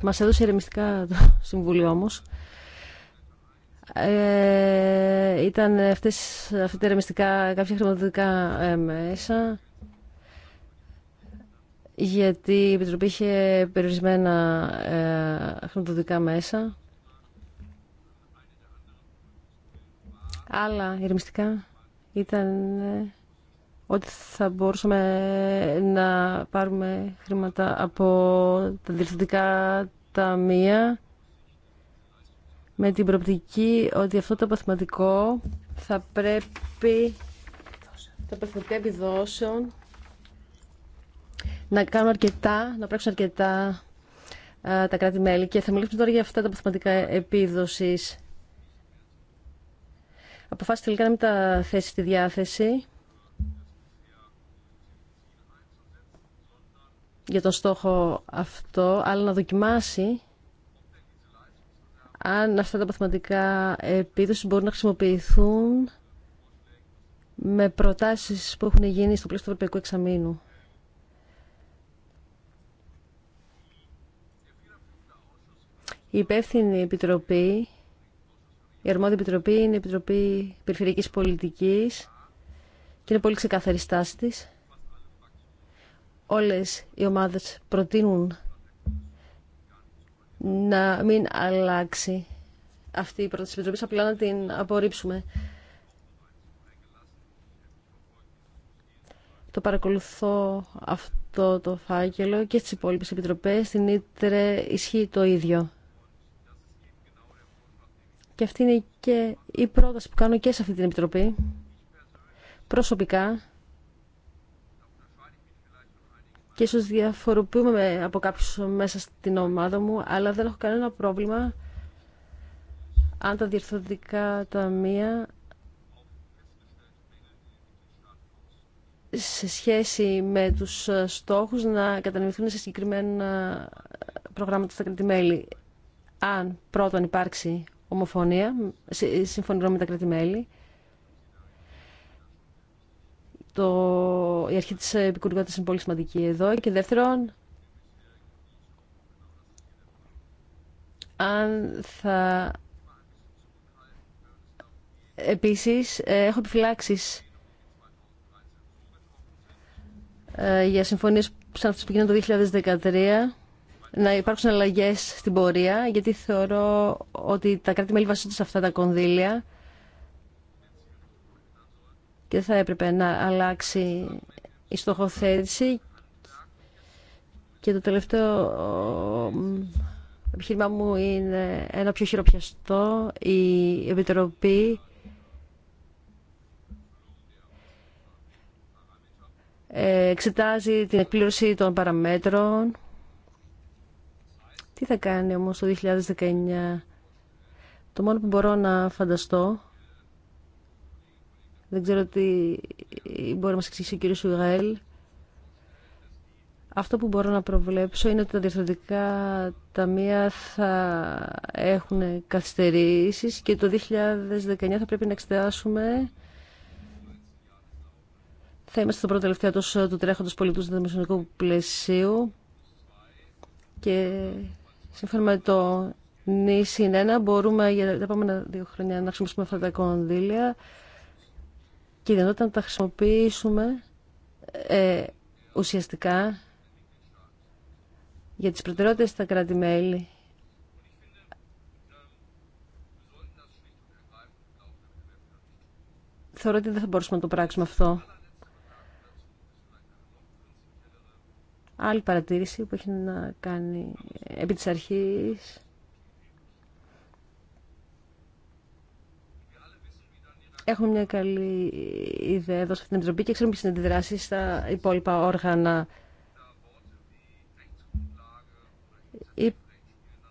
Μας έδωσε ηρεμιστικά το Συμβούλιο όμως. Ε, ήταν αυτές, αυτά κάποια χρηματοδοτικά ε, μέσα γιατί η Επιτροπή είχε περιορισμένα ε, χρηματοδοτικά μέσα άλλα ηρεμιστικά ήταν ότι θα μπορούσαμε να πάρουμε χρήματα από τα διευθυντικά ταμεία με την προπτική ότι αυτό το παθηματικό θα πρέπει τα αποθηματικά επιδόσεων να κάνουν αρκετά, να πράξουν αρκετά τα κράτη-μέλη και θα μιλήσουμε τώρα για αυτά τα παθηματικά επίδοσης. Αποφάσισε τελικά να μην τα θέσει στη διάθεση για τον στόχο αυτό, αλλά να δοκιμάσει αν αυτά τα παθηματικά επίδοση μπορούν να χρησιμοποιηθούν με προτάσεις που έχουν γίνει στο πλαίσιο του Ευρωπαϊκού Εξαμήνου. Η υπεύθυνη επιτροπή, η αρμόδια επιτροπή είναι η Επιτροπή Περιφερειακής Πολιτικής και είναι πολύ ξεκάθαρη στάση της. Όλες οι ομάδες προτείνουν να μην αλλάξει αυτή η πρόταση επιτροπής, απλά να την απορρίψουμε. Το παρακολουθώ αυτό το φάκελο και στις υπόλοιπες επιτροπές. Στην Ήτρε ισχύει το ίδιο. Και αυτή είναι και η πρόταση που κάνω και σε αυτή την επιτροπή. Προσωπικά και ίσως διαφοροποιούμε από κάποιους μέσα στην ομάδα μου, αλλά δεν έχω κανένα πρόβλημα αν τα τα ταμεία σε σχέση με τους στόχους να κατανοηθούν σε συγκεκριμένα προγράμματα στα κρατημέλη. Αν πρώτον υπάρξει ομοφωνία, συμφωνηρώ με τα κρατημέλη, το, η αρχή της επικουρικότητας είναι πολύ σημαντική εδώ και δεύτερον αν θα επίσης ε, έχω επιφυλάξεις ε, για συμφωνίες σαν αυτές που γίνονται το 2013 να υπάρξουν αλλαγές στην πορεία γιατί θεωρώ ότι τα κράτη-μέλη βασίζονται σε αυτά τα κονδύλια και θα έπρεπε να αλλάξει η στοχοθέτηση και το τελευταίο επιχείρημα μου είναι ένα πιο χειροπιαστό η Επιτροπή εξετάζει την εκπλήρωση των παραμέτρων τι θα κάνει όμως το 2019 το μόνο που μπορώ να φανταστώ δεν ξέρω τι μπορεί να μας εξηγήσει ο κύριος Αυτό που μπορώ να προβλέψω είναι ότι τα διευθυντικά ταμεία θα έχουν καθυστερήσεις και το 2019 θα πρέπει να εξετάσουμε θα είμαστε στο πρώτο τελευταίο τόσο ε, του τρέχοντος πολιτούς δημοσιονομικού πλαισίου και σύμφωνα με το νη 1 μπορούμε για τα επόμενα δύο χρόνια να χρησιμοποιήσουμε αυτά τα κονδύλια και δυνατότητα να τα χρησιμοποιήσουμε ε, ουσιαστικά για τις προτεραιότητες στα κράτη-μέλη. Θεωρώ ότι δεν θα μπορούσαμε να το πράξουμε αυτό. Άλλη παρατήρηση που έχει να κάνει επί της αρχής έχουμε μια καλή ιδέα εδώ σε αυτήν την Επιτροπή και ξέρουμε ποιες είναι αντιδράσει στα υπόλοιπα όργανα.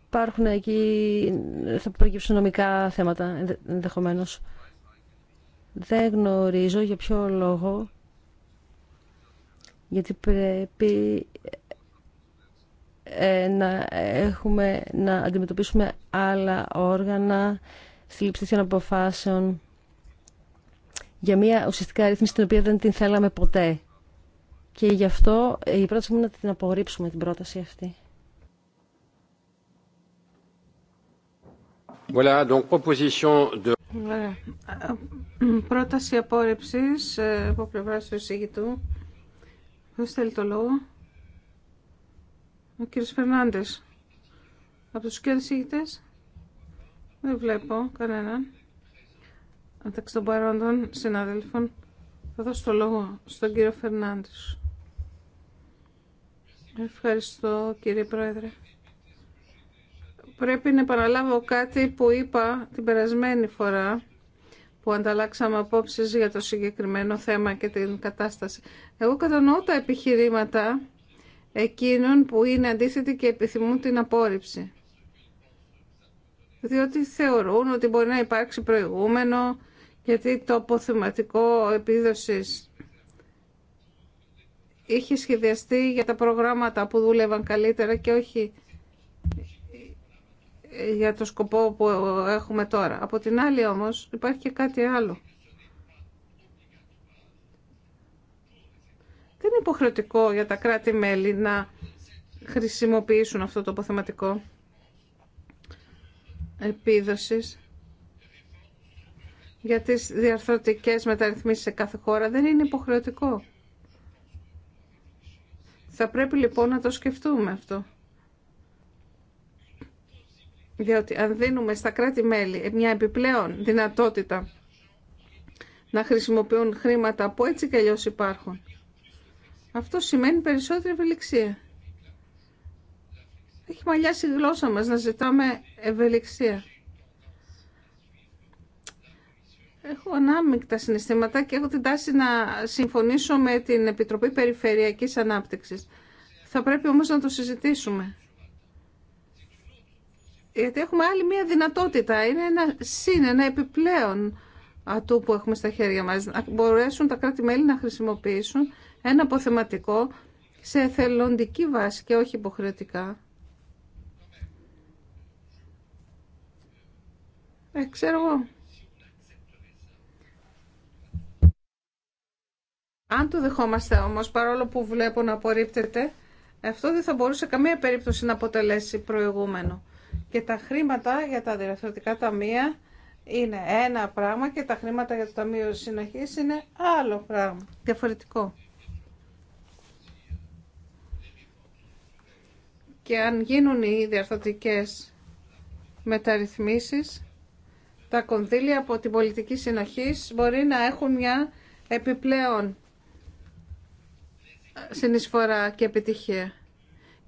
Υπάρχουν εκεί, θα προκύψουν νομικά θέματα ενδεχομένω. Δεν γνωρίζω για ποιο λόγο, γιατί πρέπει ε, να έχουμε, να αντιμετωπίσουμε άλλα όργανα στη λήψη των αποφάσεων για μια ουσιαστικά ρύθμιση την οποία δεν την θέλαμε ποτέ. Και γι' αυτό ε, η πρόταση μου είναι να την απορρίψουμε την πρόταση αυτή. Voilà, donc proposition de... Πρόταση απόρριψη ε, από πλευρά του εισηγητού. Ποιο θέλει το λόγο, ο κύριο Φερνάντε. Από του κύριου εισηγητέ, δεν βλέπω κανέναν μεταξύ των παρόντων συναδέλφων. Θα δώσω το λόγο στον κύριο Φερνάντης. Ευχαριστώ κύριε Πρόεδρε. Πρέπει να επαναλάβω κάτι που είπα την περασμένη φορά που ανταλλάξαμε απόψεις για το συγκεκριμένο θέμα και την κατάσταση. Εγώ κατανοώ τα επιχειρήματα εκείνων που είναι αντίθετοι και επιθυμούν την απόρριψη. Διότι θεωρούν ότι μπορεί να υπάρξει προηγούμενο, γιατί το αποθεματικό επίδοσης είχε σχεδιαστεί για τα προγράμματα που δούλευαν καλύτερα και όχι για το σκοπό που έχουμε τώρα. Από την άλλη όμως υπάρχει και κάτι άλλο. Δεν είναι υποχρεωτικό για τα κράτη-μέλη να χρησιμοποιήσουν αυτό το αποθεματικό επίδοσης για τις διαρθρωτικές μεταρρυθμίσεις σε κάθε χώρα δεν είναι υποχρεωτικό. Θα πρέπει λοιπόν να το σκεφτούμε αυτό. Διότι αν δίνουμε στα κράτη-μέλη μια επιπλέον δυνατότητα να χρησιμοποιούν χρήματα που έτσι κι αλλιώς υπάρχουν, αυτό σημαίνει περισσότερη ευελιξία. Έχει μαλλιάσει η γλώσσα μας να ζητάμε ευελιξία. Έχω ανάμεικτα συναισθήματα και έχω την τάση να συμφωνήσω με την Επιτροπή Περιφερειακής Ανάπτυξης. Θα πρέπει όμως να το συζητήσουμε. Γιατί έχουμε άλλη μία δυνατότητα. Είναι ένα συν, ένα επιπλέον ατού που έχουμε στα χέρια μας. Να μπορέσουν τα κράτη-μέλη να χρησιμοποιήσουν ένα αποθεματικό σε εθελοντική βάση και όχι υποχρεωτικά. Ε, ξέρω εγώ. Αν το δεχόμαστε όμως, παρόλο που βλέπω να απορρίπτεται, αυτό δεν θα μπορούσε καμία περίπτωση να αποτελέσει προηγούμενο. Και τα χρήματα για τα τα ταμεία είναι ένα πράγμα και τα χρήματα για το Ταμείο Συνοχής είναι άλλο πράγμα, διαφορετικό. Και αν γίνουν οι διαρθωτικές μεταρρυθμίσεις, τα κονδύλια από την πολιτική συνοχής μπορεί να έχουν μια επιπλέον συνεισφορά και επιτυχία.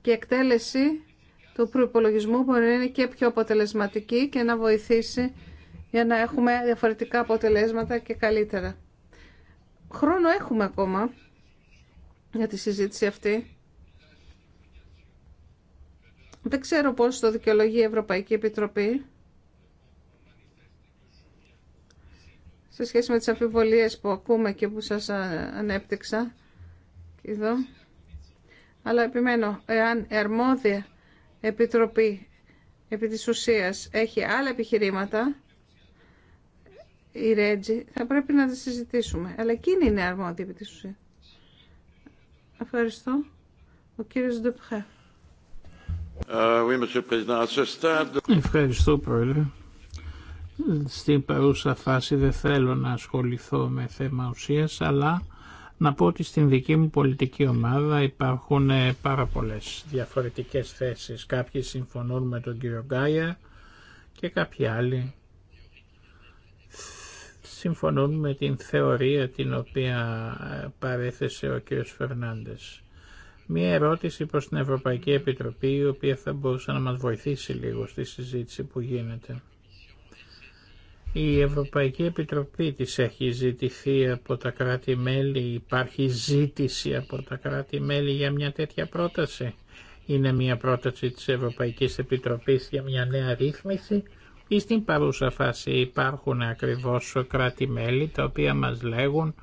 Και η εκτέλεση του προϋπολογισμού μπορεί να είναι και πιο αποτελεσματική και να βοηθήσει για να έχουμε διαφορετικά αποτελέσματα και καλύτερα. Χρόνο έχουμε ακόμα για τη συζήτηση αυτή. Δεν ξέρω πώς το δικαιολογεί η Ευρωπαϊκή Επιτροπή σε σχέση με τις αμφιβολίες που ακούμε και που σας ανέπτυξα εδώ. Αλλά επιμένω, εάν αρμόδια επιτροπή επί της ουσίας έχει άλλα επιχειρήματα, η Ρέτζη, θα πρέπει να τα συζητήσουμε. Αλλά εκείνη είναι αρμόδια επί της ουσίας. Ευχαριστώ. Ο κύριος Ντεπχέ. Ε, Ευχαριστώ, Πρόεδρε. Στην παρούσα φάση δεν θέλω να ασχοληθώ με θέμα ουσίας, αλλά να πω ότι στην δική μου πολιτική ομάδα υπάρχουν ε, πάρα πολλές διαφορετικές θέσεις. Κάποιοι συμφωνούν με τον κύριο Γκάια και κάποιοι άλλοι συμφωνούν με την θεωρία την οποία ε, παρέθεσε ο κύριος Φερνάντες. Μία ερώτηση προς την Ευρωπαϊκή Επιτροπή η οποία θα μπορούσε να μας βοηθήσει λίγο στη συζήτηση που γίνεται. Η Ευρωπαϊκή Επιτροπή της έχει ζητηθεί από τα κράτη-μέλη, υπάρχει ζήτηση από τα κράτη-μέλη για μια τέτοια πρόταση. Είναι μια πρόταση της Ευρωπαϊκής Επιτροπής για μια νέα ρύθμιση ή στην παρούσα φάση υπάρχουν ακριβώς κράτη-μέλη τα οποία μας λέγουν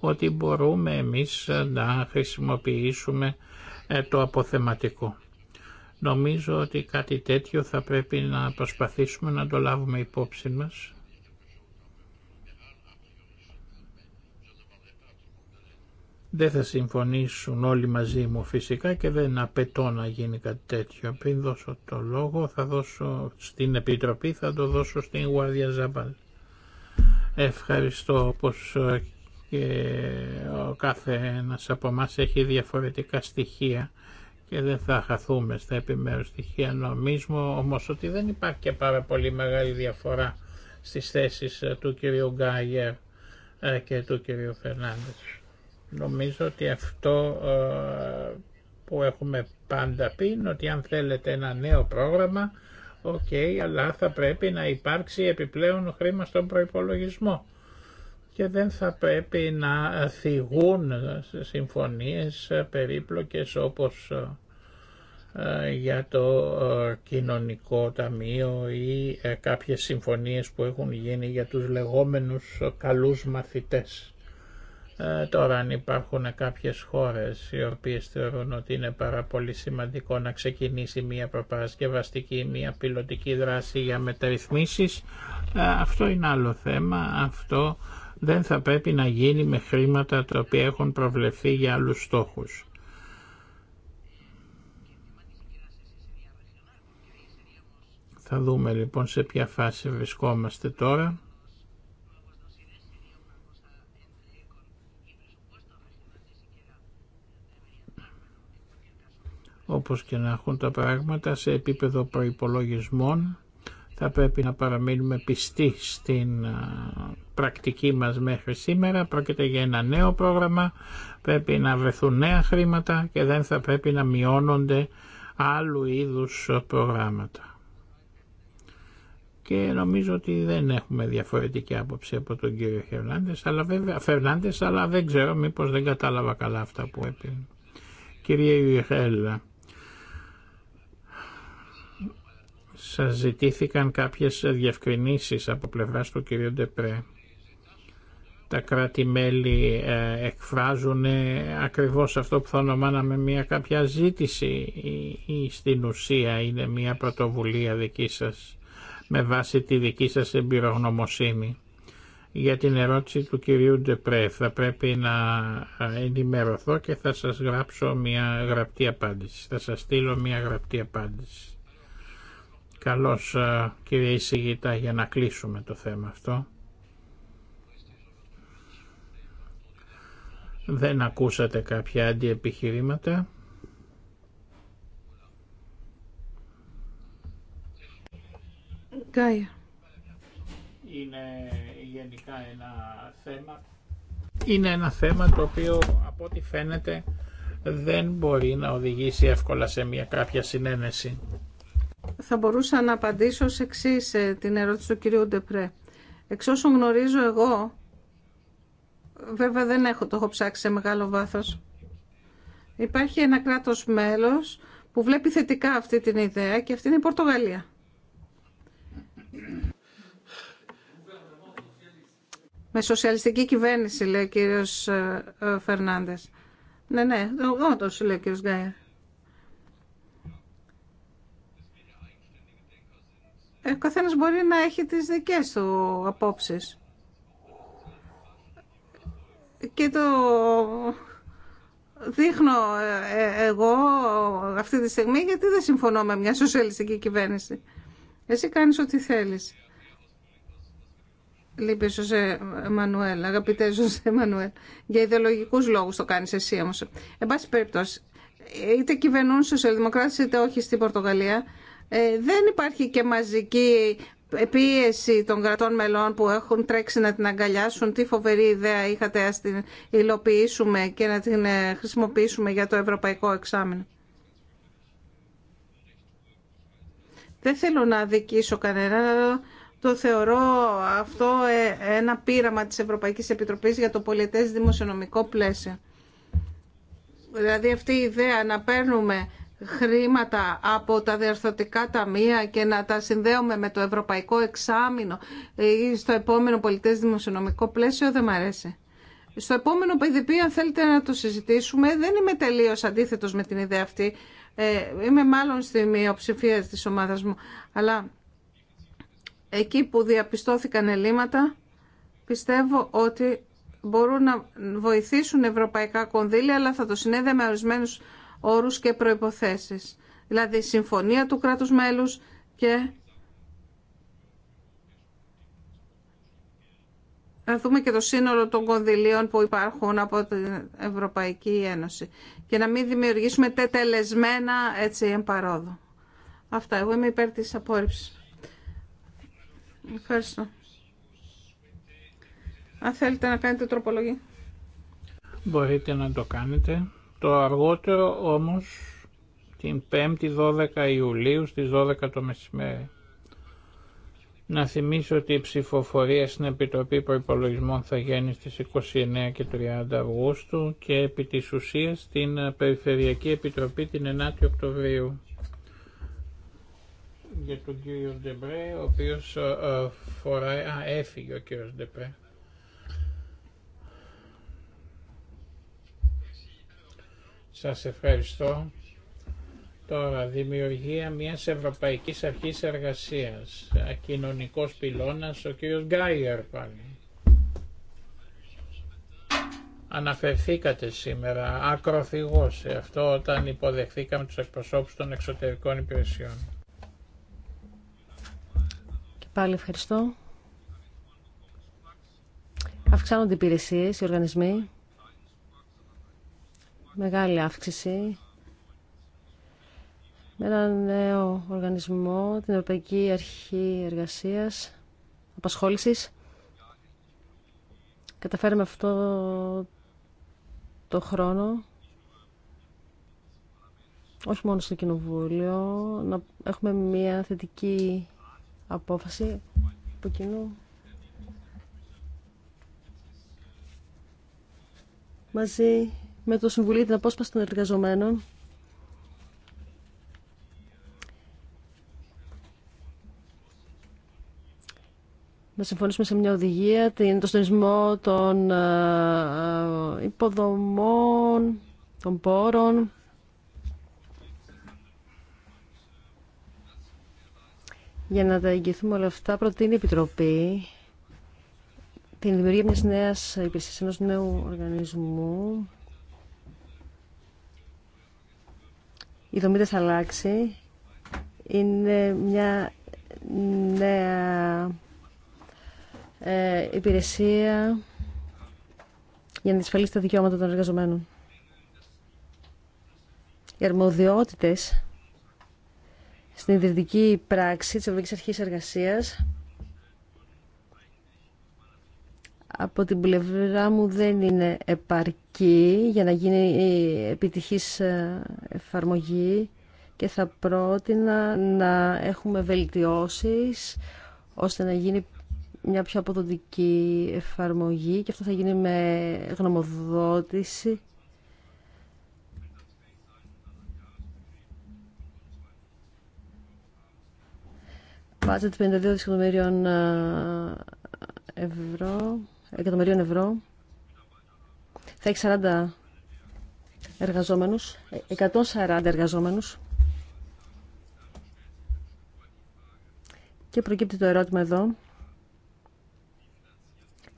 ότι μπορούμε εμείς να χρησιμοποιήσουμε ε, το αποθεματικό. Νομίζω ότι κάτι τέτοιο θα πρέπει να προσπαθήσουμε να το λάβουμε υπόψη μας Δεν θα συμφωνήσουν όλοι μαζί μου φυσικά και δεν απαιτώ να γίνει κάτι τέτοιο. Πριν δώσω το λόγο θα δώσω στην Επιτροπή, θα το δώσω στην Γουάρδια Ζαμπάλ. Ευχαριστώ όπως και ο κάθε ένας από εμά έχει διαφορετικά στοιχεία και δεν θα χαθούμε στα επιμέρους στοιχεία. Νομίζω όμως ότι δεν υπάρχει και πάρα πολύ μεγάλη διαφορά στις θέσεις του κυρίου Γκάγερ ε, και του κυρίου Φερνάνδης. Νομίζω ότι αυτό ε, που έχουμε πάντα πει είναι ότι αν θέλετε ένα νέο πρόγραμμα, οκ, αλλά θα πρέπει να υπάρξει επιπλέον χρήμα στον προϋπολογισμό και δεν θα πρέπει να θυγούν συμφωνίες περίπλοκες όπως ε, για το ε, κοινωνικό ταμείο ή κάποιες συμφωνίες που έχουν γίνει για τους λεγόμενους καλούς μαθητές. Ε, τώρα αν υπάρχουν κάποιες χώρες οι οποίες θεωρούν ότι είναι πάρα πολύ σημαντικό να ξεκινήσει μια προπαρασκευαστική, μια πιλωτική δράση για μεταρρυθμίσεις, ε, αυτό είναι άλλο θέμα, αυτό δεν θα πρέπει να γίνει με χρήματα τα οποία έχουν προβλεφθεί για άλλους στόχους. Θα δούμε λοιπόν σε ποια φάση βρισκόμαστε τώρα. Όπως και να έχουν τα πράγματα σε επίπεδο προϋπολογισμών θα πρέπει να παραμείνουμε πιστοί στην πρακτική μας μέχρι σήμερα. Πρόκειται για ένα νέο πρόγραμμα, πρέπει να βρεθούν νέα χρήματα και δεν θα πρέπει να μειώνονται άλλου είδους προγράμματα. Και νομίζω ότι δεν έχουμε διαφορετική άποψη από τον κύριο Φερνάντες, αλλά, βέβαια, Φερνάντες, αλλά δεν ξέρω μήπως δεν κατάλαβα καλά αυτά που έπαιρνε. Κύριε Ιουχέλα, Σας ζητήθηκαν κάποιες διευκρινήσεις από πλευράς του κυρίου Ντεπρέ. Τα κράτη-μέλη ε, εκφράζουν ε, ακριβώς αυτό που θα ονομάναμε μια κάποια ζήτηση ή στην ουσία είναι μια πρωτοβουλία δική σας με βάση τη δική σας εμπειρογνωμοσύνη. Για την ερώτηση του κυρίου Ντεπρέ θα πρέπει να ε, ενημερωθώ και θα σας γράψω μια γραπτή απάντηση. Θα σας στείλω μια γραπτή απάντηση. Καλώς ε, κύριε Ισηγητά για να κλείσουμε το θέμα αυτό. Δεν ακούσατε κάποια αντιεπιχειρήματα. Γκάια. Είναι γενικά ένα θέμα. Είναι ένα θέμα το οποίο από ό,τι φαίνεται δεν μπορεί να οδηγήσει εύκολα σε μια κάποια συνένεση θα μπορούσα να απαντήσω σε εξή ε, την ερώτηση του κυρίου Ντεπρέ. Εξ όσων γνωρίζω εγώ, βέβαια δεν έχω, το έχω ψάξει σε μεγάλο βάθος, υπάρχει ένα κράτος μέλος που βλέπει θετικά αυτή την ιδέα και αυτή είναι η Πορτογαλία. Με σοσιαλιστική κυβέρνηση, λέει ο κύριος ε, ε, Φερνάντες. Ναι, ναι, όντως, λέει ο κύριος Γκάιερ. Ε, ο καθένας μπορεί να έχει τις δικές του απόψεις. Και το δείχνω ε, ε, εγώ αυτή τη στιγμή γιατί δεν συμφωνώ με μια σοσιαλιστική κυβέρνηση. Εσύ κάνεις ό,τι θέλεις. Λείπει Ζωζέ Μανουέλ, αγαπητέ Ζωζέ Μανουέλ. Για ιδεολογικού λόγου το κάνει εσύ όμω. Εν πάση περιπτώσει, είτε κυβερνούν σοσιαλδημοκράτε είτε όχι στην Πορτογαλία, ε, δεν υπάρχει και μαζική πίεση των κρατών μελών που έχουν τρέξει να την αγκαλιάσουν. Τι φοβερή ιδέα είχατε ας την υλοποιήσουμε και να την ε, χρησιμοποιήσουμε για το ευρωπαϊκό εξάμεινο. Δεν θέλω να αδικήσω κανέναν, αλλά το θεωρώ αυτό ε, ένα πείραμα της Ευρωπαϊκής Επιτροπής για το πολιτές δημοσιονομικό πλαίσιο. Δηλαδή αυτή η ιδέα να παίρνουμε χρήματα από τα τα ταμεία και να τα συνδέουμε με το ευρωπαϊκό εξάμεινο ή στο επόμενο πολιτές δημοσιονομικό πλαίσιο δεν μου αρέσει. Στο επόμενο PDP, αν θέλετε να το συζητήσουμε, δεν είμαι τελείως αντίθετος με την ιδέα αυτή. Ε, είμαι μάλλον στη μειοψηφία της ομάδας μου. Αλλά εκεί που διαπιστώθηκαν ελλείμματα, πιστεύω ότι μπορούν να βοηθήσουν ευρωπαϊκά κονδύλια, αλλά θα το συνέδεμε με ορισμένους όρους και προϋποθέσεις. Δηλαδή συμφωνία του κράτους μέλους και να δούμε και το σύνολο των κονδυλίων που υπάρχουν από την Ευρωπαϊκή Ένωση και να μην δημιουργήσουμε τετελεσμένα έτσι εμπαρόδο. Αυτά. Εγώ είμαι υπέρ της απόρριψης. Ευχαριστώ. Αν θέλετε να κάνετε τροπολογία. Μπορείτε να το κάνετε. Το αργότερο όμως την 5η 12 Ιουλίου στις 12 το μεσημέρι. Να θυμίσω ότι η ψηφοφορία στην Επιτροπή Προϋπολογισμών θα γίνει στις 29 και 30 Αυγούστου και επί της ουσίας στην Περιφερειακή Επιτροπή την 9η Οκτωβρίου. Για τον κύριο Ντεμπρέ, ο οποίος ε, ε, φοράει... Α, έφυγε ο κύριος Ντεμπρέ. Σας ευχαριστώ. Τώρα, δημιουργία μιας Ευρωπαϊκής Αρχής Εργασίας. Κοινωνικός πυλώνας, ο κύριος Γκάιερ πάλι. Αναφερθήκατε σήμερα ακροθυγώς σε αυτό όταν υποδεχθήκαμε τους εκπροσώπους των εξωτερικών υπηρεσιών. Και πάλι ευχαριστώ. Αυξάνονται οι υπηρεσίες, οι οργανισμοί μεγάλη αύξηση με ένα νέο οργανισμό, την Ευρωπαϊκή Αρχή Εργασίας, Απασχόλησης. Καταφέραμε αυτό το χρόνο, όχι μόνο στο Κοινοβούλιο, να έχουμε μια θετική απόφαση από κοινού. Μαζί με το Συμβουλίο την Απόσπαση των Εργαζομένων να συμφωνήσουμε σε μια οδηγία, την, το στενισμό των ε, ε, υποδομών, των πόρων. Για να τα εγγυηθούμε όλα αυτά, προτείνει η Επιτροπή την δημιουργία μιας νέας υπηρεσίας, ενός νέου οργανισμού η δομή δεν θα αλλάξει. Είναι μια νέα ε, υπηρεσία για να δυσφαλίσει τα δικαιώματα των εργαζομένων. Οι αρμοδιότητες στην ιδρυτική πράξη της Ευρωπαϊκής Αρχής Εργασίας από την πλευρά μου δεν είναι επαρκή για να γίνει επιτυχής ε, εφαρμογή και θα πρότεινα να έχουμε βελτιώσεις ώστε να γίνει μια πιο αποδοτική εφαρμογή και αυτό θα γίνει με γνωμοδότηση budget 52 δισεκατομμυρίων ε, ευρώ εκατομμυρίων ευρώ θα έχει 40 εργαζόμενους, 140 εργαζόμενους. Και προκύπτει το ερώτημα εδώ,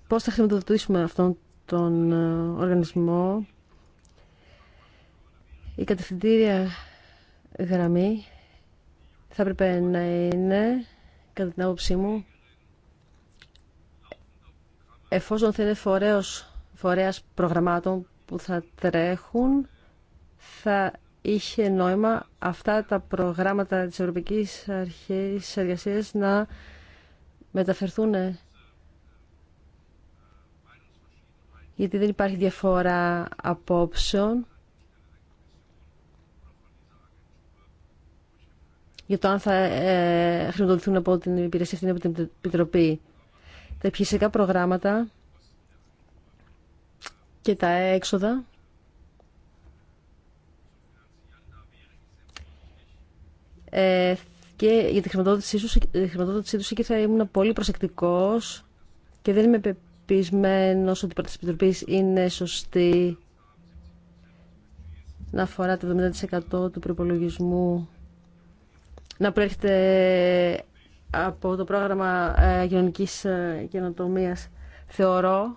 πώς θα χρηματοδοτήσουμε αυτόν τον ε, οργανισμό. Η κατευθυντήρια γραμμή θα έπρεπε να είναι, κατά την άποψή μου, εφόσον θα είναι φορέας προγραμμάτων που θα τρέχουν, θα είχε νόημα αυτά τα προγράμματα της Ευρωπαϊκής Αρχής Εργασίας να μεταφερθούν γιατί δεν υπάρχει διαφορά απόψεων για το αν θα ε, χρηματοδοτηθούν από την υπηρεσία αυτή από την Επιτροπή τα επιχειρησιακά προγράμματα και τα έξοδα. Ε, και για τη χρηματοδότησή τους, τη εκεί θα ήμουν πολύ προσεκτικός και δεν είμαι πεπισμένος ότι η πρόταση επιτροπή είναι σωστή να αφορά το 70% του προπολογισμού να προέρχεται από το πρόγραμμα ε, κοινωνικής ε, καινοτομίας θεωρώ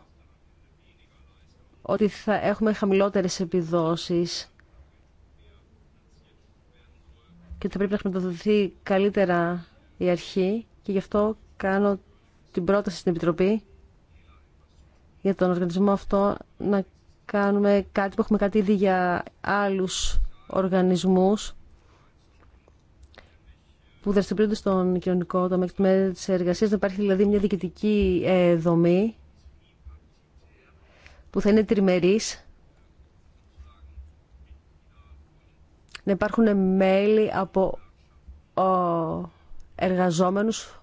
ότι θα έχουμε χαμηλότερες επιδόσεις και θα πρέπει να χρηματοδοτηθεί καλύτερα η αρχή και γι' αυτό κάνω την πρόταση στην Επιτροπή για τον οργανισμό αυτό να κάνουμε κάτι που έχουμε κάτι ήδη για άλλους οργανισμούς που δραστηριοποιούνται στον κοινωνικό τομέα και τη εργασία. Να υπάρχει δηλαδή μια διοικητική ε, δομή που θα είναι τριμερής. Να υπάρχουν μέλη από ο, εργαζόμενους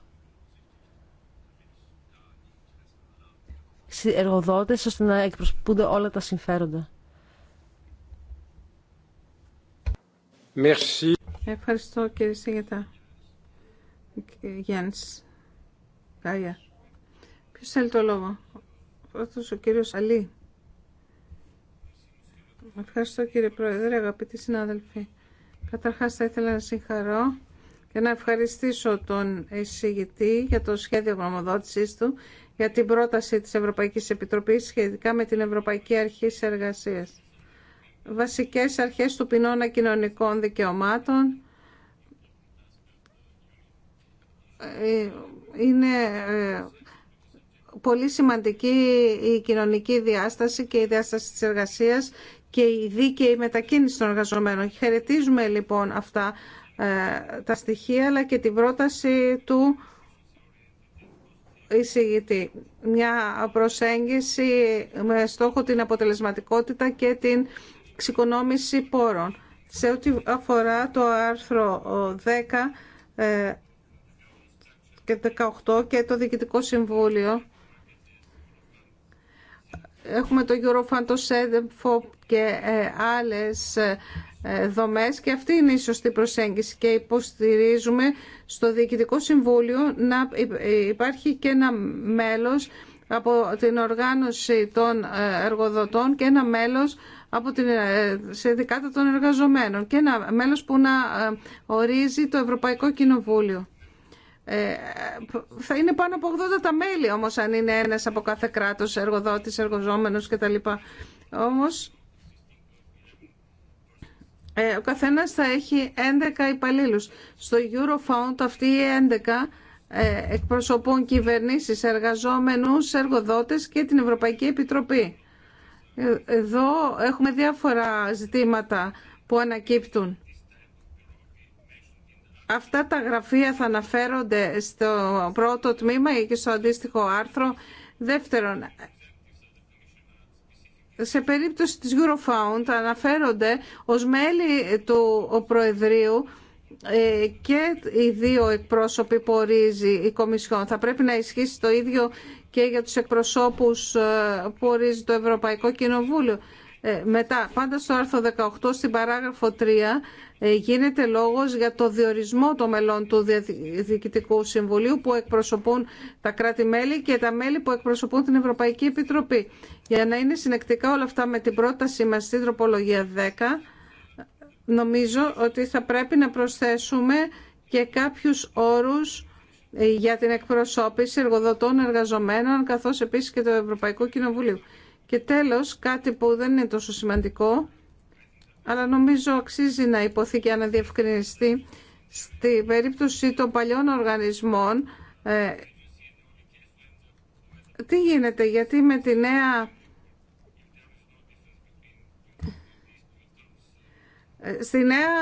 εργοδότες ώστε να εκπροσωπούνται όλα τα συμφέροντα. Merci. Ευχαριστώ κύριε Σίγητα. Ε, Γιάννης. Κάια, Ποιος θέλει το λόγο. Αυτός ο κύριος Αλή. Ευχαριστώ κύριε Πρόεδρε, αγαπητοί συνάδελφοι. Καταρχάς θα ήθελα να συγχαρώ και να ευχαριστήσω τον εισηγητή για το σχέδιο γνωμοδότησής του για την πρόταση της Ευρωπαϊκής Επιτροπής σχετικά με την Ευρωπαϊκή Αρχή Εργασίας. Βασικές αρχές του ποινών κοινωνικών δικαιωμάτων, Ε, είναι ε, πολύ σημαντική η κοινωνική διάσταση και η διάσταση της εργασίας και η δίκαιη μετακίνηση των εργαζομένων. Χαιρετίζουμε λοιπόν αυτά ε, τα στοιχεία αλλά και την πρόταση του εισηγητή. Μια προσέγγιση με στόχο την αποτελεσματικότητα και την ξεκονόμηση πόρων. Σε ό,τι αφορά το άρθρο 10 και 18 και το Διοικητικό Συμβούλιο. Έχουμε το Eurofund, το και ε, άλλες ε, δομές και αυτή είναι η σωστή προσέγγιση και υποστηρίζουμε στο Διοικητικό Συμβούλιο να υπάρχει και ένα μέλος από την οργάνωση των ε, εργοδοτών και ένα μέλος από την συνδικάτα των εργαζομένων και ένα μέλος που να ορίζει το Ευρωπαϊκό Κοινοβούλιο. Ε, θα είναι πάνω από 80 τα μέλη όμως αν είναι ένας από κάθε κράτος, εργοδότης, εργοζόμενος κτλ. Όμως ε, ο καθένας θα έχει 11 υπαλλήλους. Στο Eurofound αυτοί οι 11 ε, εκπροσωπούν κυβερνήσεις, εργαζόμενους, εργοδότες και την Ευρωπαϊκή Επιτροπή. Εδώ έχουμε διάφορα ζητήματα που ανακύπτουν. Αυτά τα γραφεία θα αναφέρονται στο πρώτο τμήμα ή και στο αντίστοιχο άρθρο. Δεύτερον, σε περίπτωση της Eurofound αναφέρονται ως μέλη του Προεδρείου ε, και οι δύο εκπρόσωποι που ορίζει η Κομισιόν. Θα πρέπει να ισχύσει το ίδιο και για τους εκπροσώπους ε, που ορίζει το Ευρωπαϊκό Κοινοβούλιο. Ε, μετά, πάντα στο άρθρο 18, στην παράγραφο 3, ε, γίνεται λόγος για το διορισμό των μελών του Διοικητικού Συμβουλίου που εκπροσωπούν τα κράτη-μέλη και τα μέλη που εκπροσωπούν την Ευρωπαϊκή Επιτροπή. Για να είναι συνεκτικά όλα αυτά με την πρόταση μας στην τροπολογία 10, νομίζω ότι θα πρέπει να προσθέσουμε και κάποιους όρους ε, για την εκπροσώπηση εργοδοτών εργαζομένων, καθώς επίσης και το Ευρωπαϊκό Κοινοβουλίου. Και τέλος, κάτι που δεν είναι τόσο σημαντικό, αλλά νομίζω αξίζει να υποθεί και να διευκρινιστεί, στη περίπτωση των παλιών οργανισμών, ε, τι γίνεται, γιατί με τη νέα ε, Στη νέα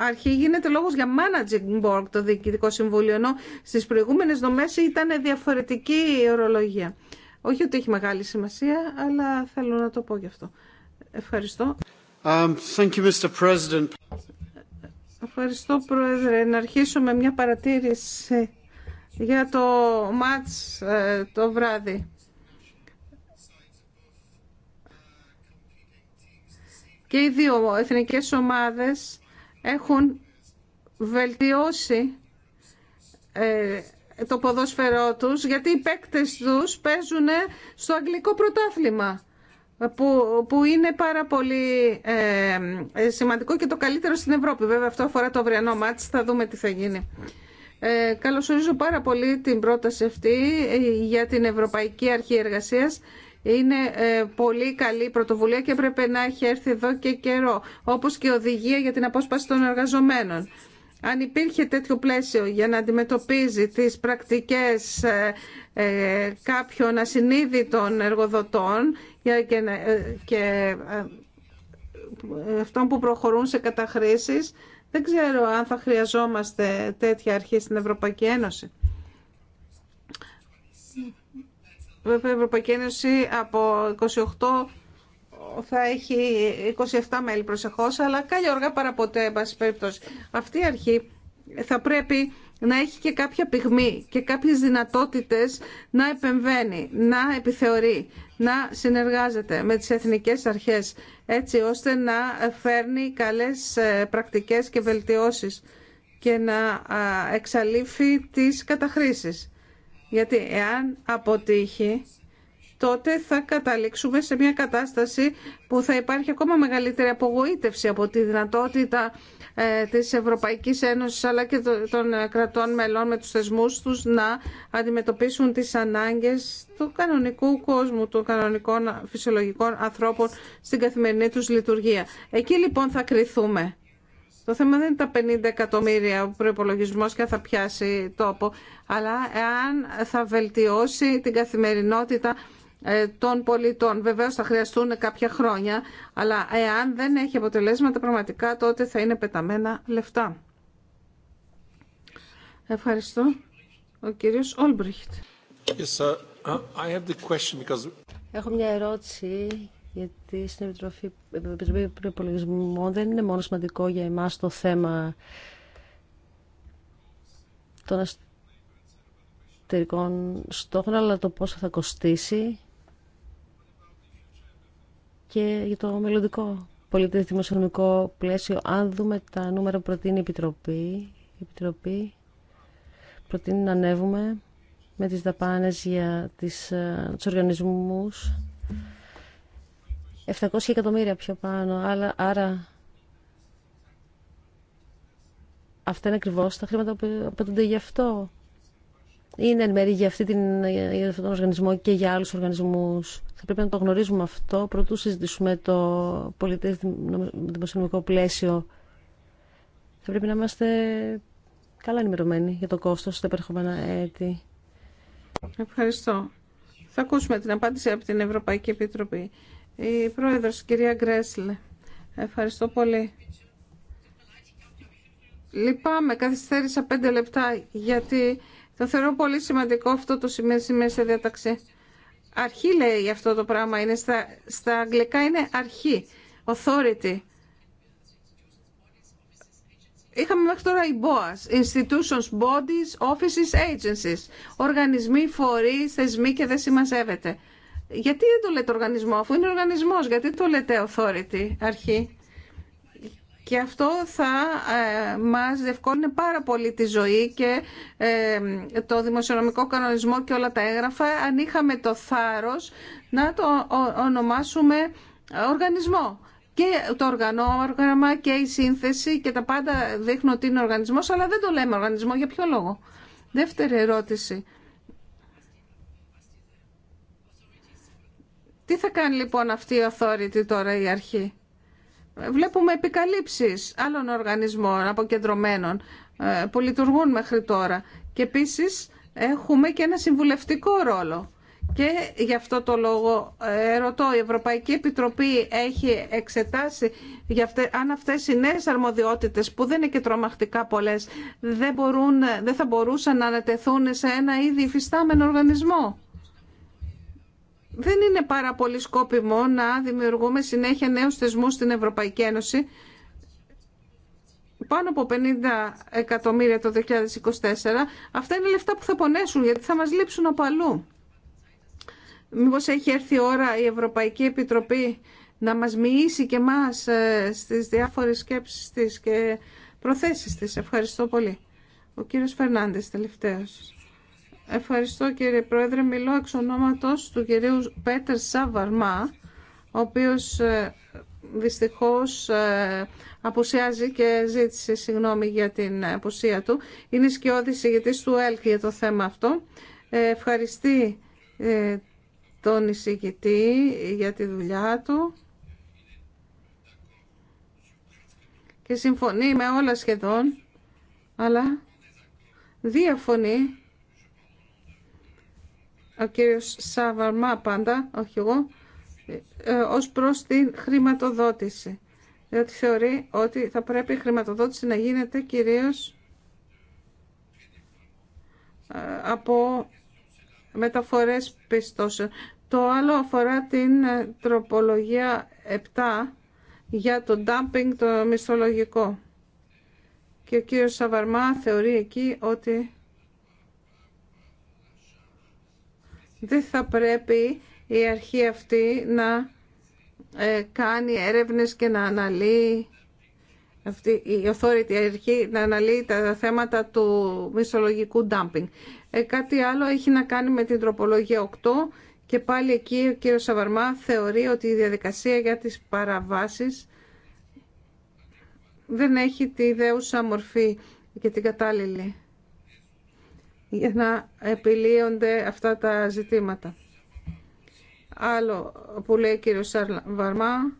αρχή γίνεται λόγος για managing board το Διοικητικό Συμβούλιο, ενώ στις προηγούμενες δομές ήταν διαφορετική η ορολογία. Όχι ότι έχει μεγάλη σημασία, αλλά θέλω να το πω γι' αυτό. Ευχαριστώ. Um, thank you, Mr. President. Ευχαριστώ, Πρόεδρε. Να αρχίσω με μια παρατήρηση για το μάτς ε, το βράδυ. Και οι δύο εθνικές ομάδες έχουν βελτιώσει ε, το ποδόσφαιρό τους γιατί οι παίκτες τους παίζουν στο αγγλικό πρωτάθλημα που, που είναι πάρα πολύ ε, σημαντικό και το καλύτερο στην Ευρώπη. Βέβαια αυτό αφορά το αυριανό μάτς, θα δούμε τι θα γίνει. Ε, καλωσορίζω πάρα πολύ την πρόταση αυτή ε, για την Ευρωπαϊκή Αρχή Εργασίας. Είναι ε, πολύ καλή πρωτοβουλία και έπρεπε να έχει έρθει εδώ και καιρό, όπως και οδηγία για την απόσπαση των εργαζομένων αν υπήρχε τέτοιο πλαίσιο για να αντιμετωπίζει τις πρακτικές ε, ε, κάποιων ασυνείδητων εργοδοτών και ε, αυτών που προχωρούν σε καταχρήσεις, δεν ξέρω αν θα χρειαζόμαστε τέτοια αρχή στην Ευρωπαϊκή Ένωση. Βέβαια, η Ευρωπαϊκή Ένωση από 28 θα έχει 27 μέλη προσεχώς, αλλά καλή οργά παραποτέ, εν πάση Αυτή η αρχή θα πρέπει να έχει και κάποια πυγμή και κάποιες δυνατότητες να επεμβαίνει, να επιθεωρεί, να συνεργάζεται με τις εθνικές αρχές, έτσι ώστε να φέρνει καλές ε, πρακτικές και βελτιώσεις και να εξαλείφει τις καταχρήσεις. Γιατί εάν αποτύχει, τότε θα καταλήξουμε σε μια κατάσταση που θα υπάρχει ακόμα μεγαλύτερη απογοήτευση από τη δυνατότητα ε, της Ευρωπαϊκής Ένωσης αλλά και των ε, κρατών μελών με τους θεσμούς τους να αντιμετωπίσουν τις ανάγκες του κανονικού κόσμου, των κανονικών φυσιολογικών ανθρώπων στην καθημερινή τους λειτουργία. Εκεί λοιπόν θα κρυθούμε. Το θέμα δεν είναι τα 50 εκατομμύρια ο προπολογισμό και θα πιάσει τόπο, αλλά εάν θα βελτιώσει την καθημερινότητα ε, των πολιτών. Βεβαίως θα χρειαστούν κάποια χρόνια, αλλά εάν δεν έχει αποτελέσματα πραγματικά τότε θα είναι πεταμένα λεφτά. Ευχαριστώ. Ο κύριος Όλμπριχτ. Uh, Έχω μια ερώτηση γιατί στην Επιτροπή, Επιτροπή δεν είναι μόνο σημαντικό για εμάς το θέμα των αστερικών στόχων, αλλά το πόσο θα κοστίσει και για το μελλοντικό πολιτικό δημοσιονομικό πλαίσιο. Αν δούμε τα νούμερα που προτείνει η Επιτροπή, η Επιτροπή προτείνει να ανέβουμε με τις δαπάνες για τις, ε, τους οργανισμούς 700 εκατομμύρια πιο πάνω, αλλά, άρα αυτά είναι ακριβώς τα χρήματα που απαιτούνται γι' αυτό είναι εν για, αυτή για αυτόν τον οργανισμό και για άλλους οργανισμούς. Θα πρέπει να το γνωρίζουμε αυτό πρωτού συζητήσουμε το πολιτές δημοσιονομικό πλαίσιο. Θα πρέπει να είμαστε καλά ενημερωμένοι για το κόστος στα επερχόμενα έτη. Ευχαριστώ. Θα ακούσουμε την απάντηση από την Ευρωπαϊκή Επιτροπή. Η Πρόεδρος, κυρία Γκρέσλε. Ευχαριστώ πολύ. Λυπάμαι, καθυστέρησα πέντε λεπτά γιατί το θεωρώ πολύ σημαντικό αυτό το σημείο στη μέσα διαταξή. Αρχή λέει αυτό το πράγμα, είναι στα, στα αγγλικά είναι αρχή, authority. Είχαμε μέχρι τώρα οι BOAs, Institutions, Bodies, Offices, Agencies, οργανισμοί, φορείς, θεσμοί και δεν συμμαζεύεται. Γιατί δεν το λέτε οργανισμό, αφού είναι οργανισμός, γιατί το λέτε authority, αρχή. Και αυτό θα ε, μας διευκόλυνε πάρα πολύ τη ζωή και ε, το δημοσιονομικό κανονισμό και όλα τα έγγραφα αν είχαμε το θάρρος να το ονομάσουμε οργανισμό. Και το οργανόγραμμα και η σύνθεση και τα πάντα δείχνουν ότι είναι οργανισμός, αλλά δεν το λέμε οργανισμό. Για ποιο λόγο. Δεύτερη ερώτηση. Τι θα κάνει λοιπόν αυτή η authority τώρα η αρχή βλέπουμε επικαλύψεις άλλων οργανισμών αποκεντρωμένων ε, που λειτουργούν μέχρι τώρα. Και επίσης έχουμε και ένα συμβουλευτικό ρόλο. Και γι' αυτό το λόγο ε, ρωτώ, η Ευρωπαϊκή Επιτροπή έχει εξετάσει για αν αυτές οι νέες αρμοδιότητες που δεν είναι και τρομακτικά πολλές δεν, μπορούν, δεν θα μπορούσαν να ανατεθούν σε ένα ήδη υφιστάμενο οργανισμό δεν είναι πάρα πολύ σκόπιμο να δημιουργούμε συνέχεια νέους θεσμούς στην Ευρωπαϊκή Ένωση πάνω από 50 εκατομμύρια το 2024. Αυτά είναι λεφτά που θα πονέσουν γιατί θα μας λείψουν από αλλού. Μήπως έχει έρθει η ώρα η Ευρωπαϊκή Επιτροπή να μας μοιήσει και μας ε, στις διάφορες σκέψεις της και προθέσεις της. Ευχαριστώ πολύ. Ο κύριος Φερνάντες τελευταίος. Ευχαριστώ κύριε Πρόεδρε. Μιλώ εξ ονόματος του κυρίου Πέτερ Σαβαρμά, ο οποίος ε, δυστυχώς ε, απουσιάζει και ζήτησε συγγνώμη για την αποσία του. Είναι σκιώδη συγγετής του ΕΛΚ για το θέμα αυτό. Ε, ευχαριστεί τον εισηγητή για τη δουλειά του και συμφωνεί με όλα σχεδόν, αλλά διαφωνεί ο κύριος Σαβαρμά πάντα, όχι εγώ, ε, ως προς την χρηματοδότηση. Διότι θεωρεί ότι θα πρέπει η χρηματοδότηση να γίνεται κυρίως ε, από μεταφορές πιστώσεων. Το άλλο αφορά την ε, τροπολογία 7 για το dumping το μισθολογικό. Και ο κύριος Σαβαρμά θεωρεί εκεί ότι δεν θα πρέπει η αρχή αυτή να ε, κάνει έρευνες και να αναλύει αυτή η authority αρχή να αναλύει τα θέματα του μισολογικού dumping. Ε, κάτι άλλο έχει να κάνει με την τροπολογία 8 και πάλι εκεί ο κύριος Σαβαρμά θεωρεί ότι η διαδικασία για τις παραβάσεις δεν έχει τη δέουσα μορφή και την κατάλληλη για να επιλύονται αυτά τα ζητήματα. Άλλο που λέει ο κύριος Βαρμά,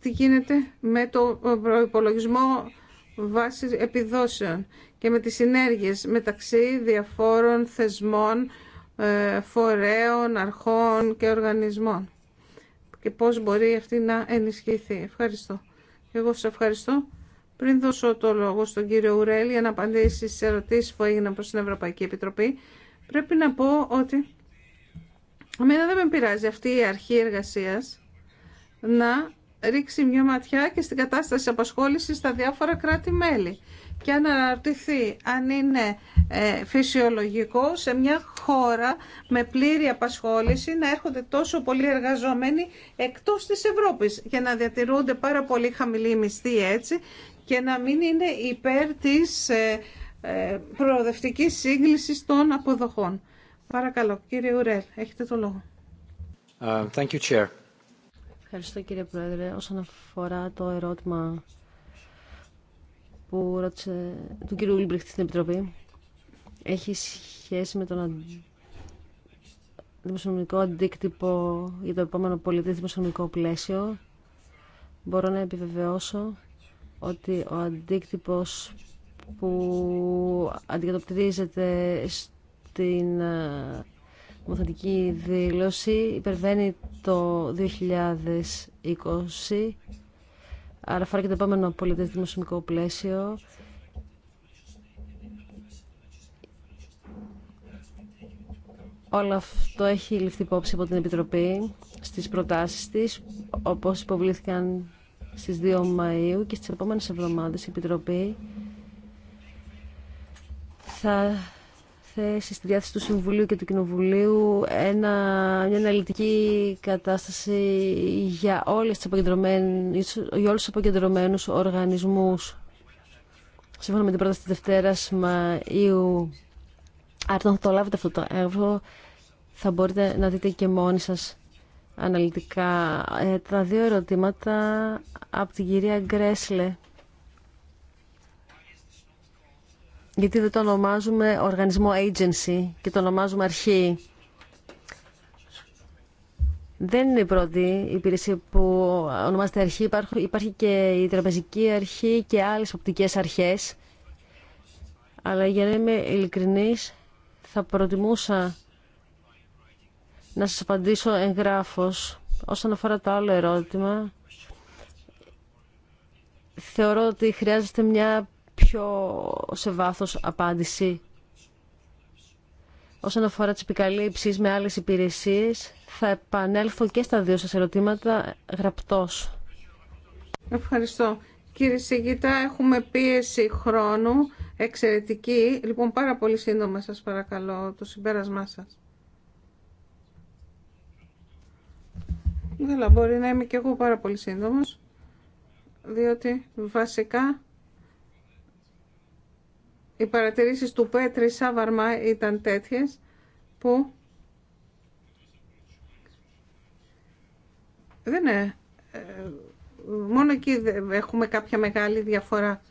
τι γίνεται με το προϋπολογισμό βάση επιδόσεων και με τις συνέργειες μεταξύ διαφόρων θεσμών, ε, φορέων, αρχών και οργανισμών και πώς μπορεί αυτή να ενισχυθεί. Ευχαριστώ. Εγώ σας ευχαριστώ. Πριν δώσω το λόγο στον κύριο Ουρέλη για να απαντήσει στις ερωτήσεις που έγιναν προς την Ευρωπαϊκή Επιτροπή, πρέπει να πω ότι εμένα δεν με πειράζει αυτή η αρχή εργασίας να ρίξει μια ματιά και στην κατάσταση απασχόλησης στα διάφορα κράτη-μέλη και αναρωτηθεί αν είναι ε, φυσιολογικό σε μια χώρα με πλήρη απασχόληση να έρχονται τόσο πολλοί εργαζομένοι εκτός της Ευρώπης και να διατηρούνται πάρα πολύ χαμηλοί μισθοί έτσι και να μην είναι υπέρ της ε, ε, προοδευτικής σύγκλησης των αποδοχών. Παρακαλώ, κύριε Ουρέλ, έχετε το λόγο. Ε, thank you, Chair. Ευχαριστώ, κύριε Πρόεδρε. Όσον αφορά το ερώτημα που ρώτησε του κύριου Ουλμπριχτ στην Επιτροπή, έχει σχέση με τον δημοσιονομικό αντίκτυπο για το επόμενο πολιτικό δημοσιονομικό πλαίσιο. Μπορώ να επιβεβαιώσω ότι ο αντίκτυπος που αντικατοπτρίζεται στην ε, νομοθετική δήλωση υπερβαίνει το 2020, άρα φάρει και το επόμενο πολιτές πλαίσιο. Όλο αυτό έχει ληφθεί υπόψη από την Επιτροπή στις προτάσεις της, όπως υποβλήθηκαν στις 2 Μαΐου και στις επόμενες εβδομάδες η Επιτροπή θα θέσει στη διάθεση του Συμβουλίου και του Κοινοβουλίου ένα, μια αναλυτική κατάσταση για, όλες τις για όλους τους αποκεντρωμένους οργανισμούς σύμφωνα με την πρόταση της Δευτέρας Μαΐου. Αν το λάβετε αυτό το έργο, θα μπορείτε να δείτε και μόνοι σας αναλυτικά ε, τα δύο ερωτήματα από την κυρία Γκρέσλε. Γιατί δεν το ονομάζουμε οργανισμό agency και το ονομάζουμε αρχή. Δεν είναι η πρώτη υπηρεσία που ονομάζεται αρχή. Υπάρχει και η τραπεζική αρχή και άλλες οπτικές αρχές. Αλλά για να είμαι ειλικρινής, θα προτιμούσα να σας απαντήσω εγγράφως. Όσον αφορά το άλλο ερώτημα, θεωρώ ότι χρειάζεται μια πιο σε βάθος απάντηση. Όσον αφορά τις επικαλύψεις με άλλες υπηρεσίες, θα επανέλθω και στα δύο σας ερωτήματα γραπτός. Ευχαριστώ. Κύριε Σιγητά, έχουμε πίεση χρόνου εξαιρετική. Λοιπόν, πάρα πολύ σύντομα σας παρακαλώ το συμπέρασμά σας. Δεν μπορεί να είμαι και εγώ πάρα πολύ σύντομος, διότι βασικά οι παρατηρήσεις του Πέτρη Σάβαρμα ήταν τέτοιες που δεν είναι. Ε, μόνο εκεί έχουμε κάποια μεγάλη διαφορά.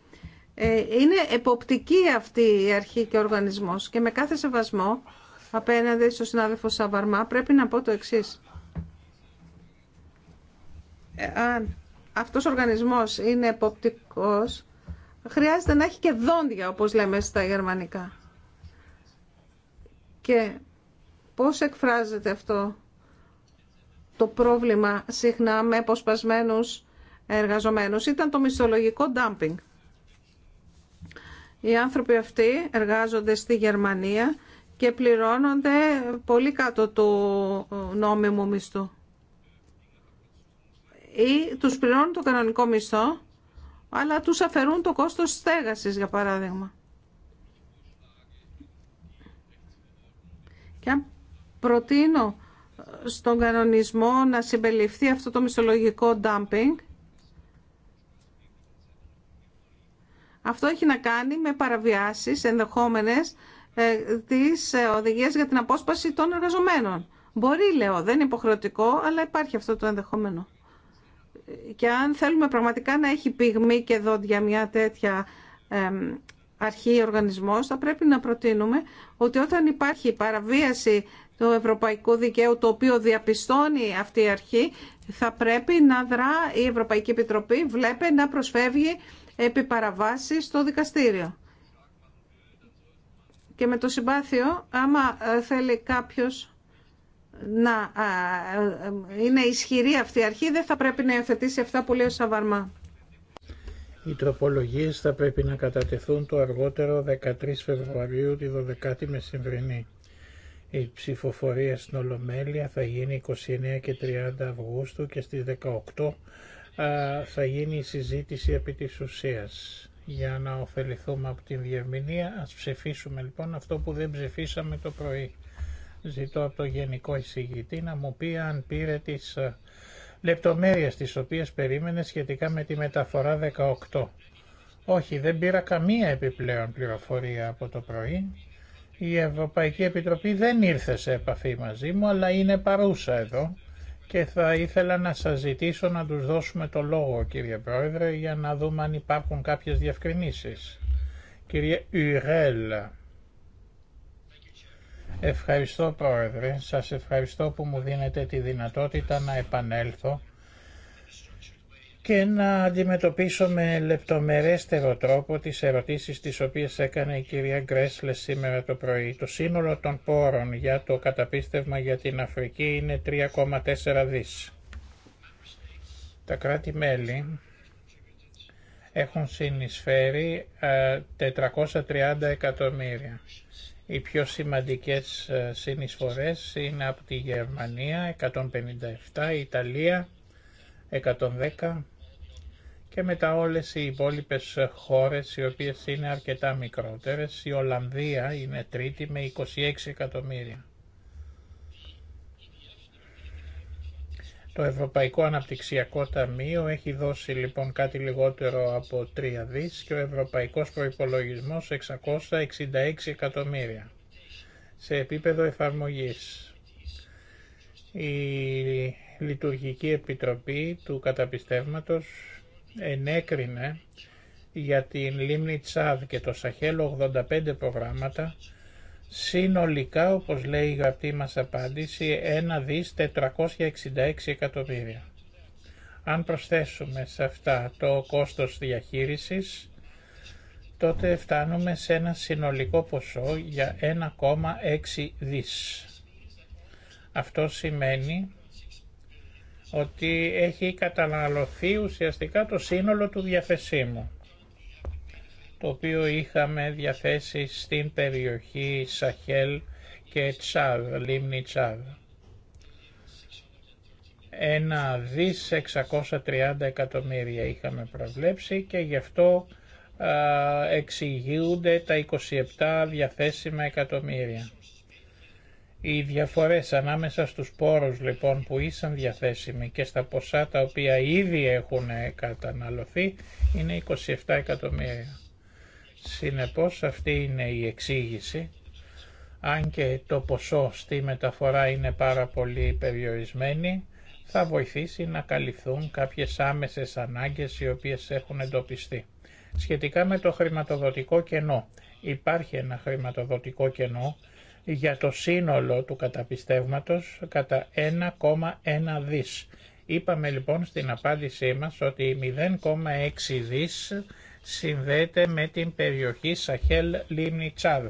Ε, είναι εποπτική αυτή η αρχή και ο οργανισμός και με κάθε σεβασμό απέναντι στο συνάδελφο Σαβαρμά πρέπει να πω το εξής αν αυτός ο οργανισμός είναι εποπτικός, χρειάζεται να έχει και δόντια, όπως λέμε στα γερμανικά. Και πώς εκφράζεται αυτό το πρόβλημα συχνά με αποσπασμένους εργαζομένους. Ήταν το μισθολογικό dumping. Οι άνθρωποι αυτοί εργάζονται στη Γερμανία και πληρώνονται πολύ κάτω του νόμιμου μισθού ή τους πληρώνουν το κανονικό μισθό, αλλά τους αφαιρούν το κόστος στέγασης, για παράδειγμα. Και αν προτείνω στον κανονισμό να συμπεριληφθεί αυτό το μισθολογικό dumping, αυτό έχει να κάνει με παραβιάσεις ενδεχόμενες ε, της ε, οδηγίας για την απόσπαση των εργαζομένων. Μπορεί, λέω, δεν είναι υποχρεωτικό, αλλά υπάρχει αυτό το ενδεχόμενο. Και αν θέλουμε πραγματικά να έχει πυγμή και δόντια μια τέτοια αρχή ή οργανισμός, θα πρέπει να προτείνουμε ότι όταν υπάρχει παραβίαση του ευρωπαϊκού δικαίου, το οποίο διαπιστώνει αυτή η αρχή, θα πρέπει να δρά η Ευρωπαϊκή Επιτροπή, βλέπε να προσφεύγει επί παραβάση στο δικαστήριο. Και με το συμπάθειο, άμα ε, θέλει κάποιος να είναι ισχυρή αυτή η αρχή δεν θα πρέπει να υιοθετήσει αυτά που λέει ο Σαβαρμά. Οι τροπολογίες θα πρέπει να κατατεθούν το αργότερο 13 Φεβρουαρίου τη 12η μεσημβρινή. Η ψηφοφορία στην Ολομέλεια θα γίνει 29 και 30 Αυγούστου και στις 18 θα γίνει η συζήτηση επί της ουσίας. Για να ωφεληθούμε από την διερμηνία ας ψηφίσουμε λοιπόν αυτό που δεν ψηφίσαμε το πρωί. Ζητώ από το Γενικό Εισηγητή να μου πει αν πήρε τις ε, λεπτομέρειες τις οποίες περίμενε σχετικά με τη μεταφορά 18. Όχι, δεν πήρα καμία επιπλέον πληροφορία από το πρωί. Η Ευρωπαϊκή Επιτροπή δεν ήρθε σε επαφή μαζί μου, αλλά είναι παρούσα εδώ και θα ήθελα να σας ζητήσω να τους δώσουμε το λόγο, κύριε Πρόεδρε, για να δούμε αν υπάρχουν κάποιες διευκρινήσεις. Κύριε Ουρέλ, Ευχαριστώ Πρόεδρε, σας ευχαριστώ που μου δίνετε τη δυνατότητα να επανέλθω και να αντιμετωπίσω με λεπτομερέστερο τρόπο τις ερωτήσεις τις οποίες έκανε η κυρία Γκρέσλε σήμερα το πρωί. Το σύνολο των πόρων για το καταπίστευμα για την Αφρική είναι 3,4 δις. Τα κράτη-μέλη έχουν συνεισφέρει 430 ε, εκατομμύρια. Οι πιο σημαντικές ε, συνεισφορές είναι από τη Γερμανία 157, η Ιταλία 110 και μετά όλες οι υπόλοιπες χώρες οι οποίες είναι αρκετά μικρότερες. Η Ολλανδία είναι τρίτη με 26 εκατομμύρια. Το Ευρωπαϊκό Αναπτυξιακό Ταμείο έχει δώσει λοιπόν κάτι λιγότερο από 3 δις και ο Ευρωπαϊκός Προϋπολογισμός 666 εκατομμύρια σε επίπεδο εφαρμογής. Η Λειτουργική Επιτροπή του Καταπιστεύματος ενέκρινε για την Λίμνη Τσάδ και το σαχέλο 85 προγράμματα Συνολικά, όπως λέει η γραπτή μας απάντηση, 1 δις 466 εκατομμύρια. Αν προσθέσουμε σε αυτά το κόστος διαχείρισης, τότε φτάνουμε σε ένα συνολικό ποσό για 1,6 δις. Αυτό σημαίνει ότι έχει καταναλωθεί ουσιαστικά το σύνολο του διαθεσίμου το οποίο είχαμε διαθέσει στην περιοχή Σαχέλ και Τσάδ, λίμνη Τσάδ. Ένα δις 630 εκατομμύρια είχαμε προβλέψει και γι' αυτό α, εξηγούνται τα 27 διαθέσιμα εκατομμύρια. Οι διαφορές ανάμεσα στους πόρους λοιπόν που ήσαν διαθέσιμοι και στα ποσά τα οποία ήδη έχουν καταναλωθεί είναι 27 εκατομμύρια. Συνεπώς αυτή είναι η εξήγηση, αν και το ποσό στη μεταφορά είναι πάρα πολύ περιορισμένη, θα βοηθήσει να καλυφθούν κάποιες άμεσες ανάγκες οι οποίες έχουν εντοπιστεί. Σχετικά με το χρηματοδοτικό κενό, υπάρχει ένα χρηματοδοτικό κενό για το σύνολο του καταπιστεύματος κατά 1,1 δις. Είπαμε λοιπόν στην απάντησή μας ότι 0,6 δις συνδέεται με την περιοχή Σαχέλ Λίμνη τσαρ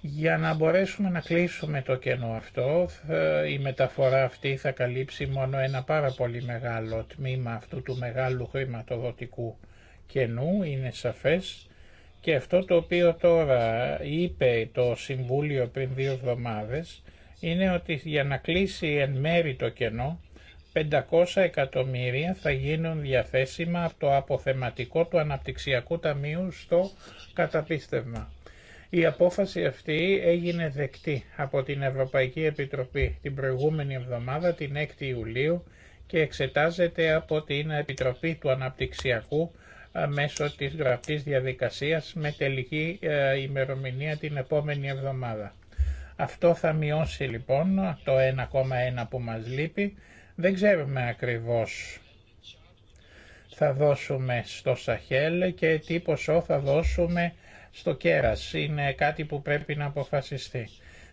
Για να μπορέσουμε να κλείσουμε το κενό αυτό, ε, η μεταφορά αυτή θα καλύψει μόνο ένα πάρα πολύ μεγάλο τμήμα αυτού του μεγάλου χρηματοδοτικού κενού, είναι σαφές. Και αυτό το οποίο τώρα είπε το Συμβούλιο πριν δύο εβδομάδες, είναι ότι για να κλείσει εν μέρη το κενό, 500 εκατομμύρια θα γίνουν διαθέσιμα από το αποθεματικό του Αναπτυξιακού Ταμείου στο καταπίστευμα. Η απόφαση αυτή έγινε δεκτή από την Ευρωπαϊκή Επιτροπή την προηγούμενη εβδομάδα, την 6η Ιουλίου, και εξετάζεται από την Επιτροπή του Αναπτυξιακού μέσω της γραπτής διαδικασίας με τελική ε, ημερομηνία την επόμενη εβδομάδα. Αυτό θα μειώσει λοιπόν το 1,1 που μας λείπει δεν ξέρουμε ακριβώς θα δώσουμε στο Σαχέλ και τι ποσό θα δώσουμε στο Κέρας. Είναι κάτι που πρέπει να αποφασιστεί.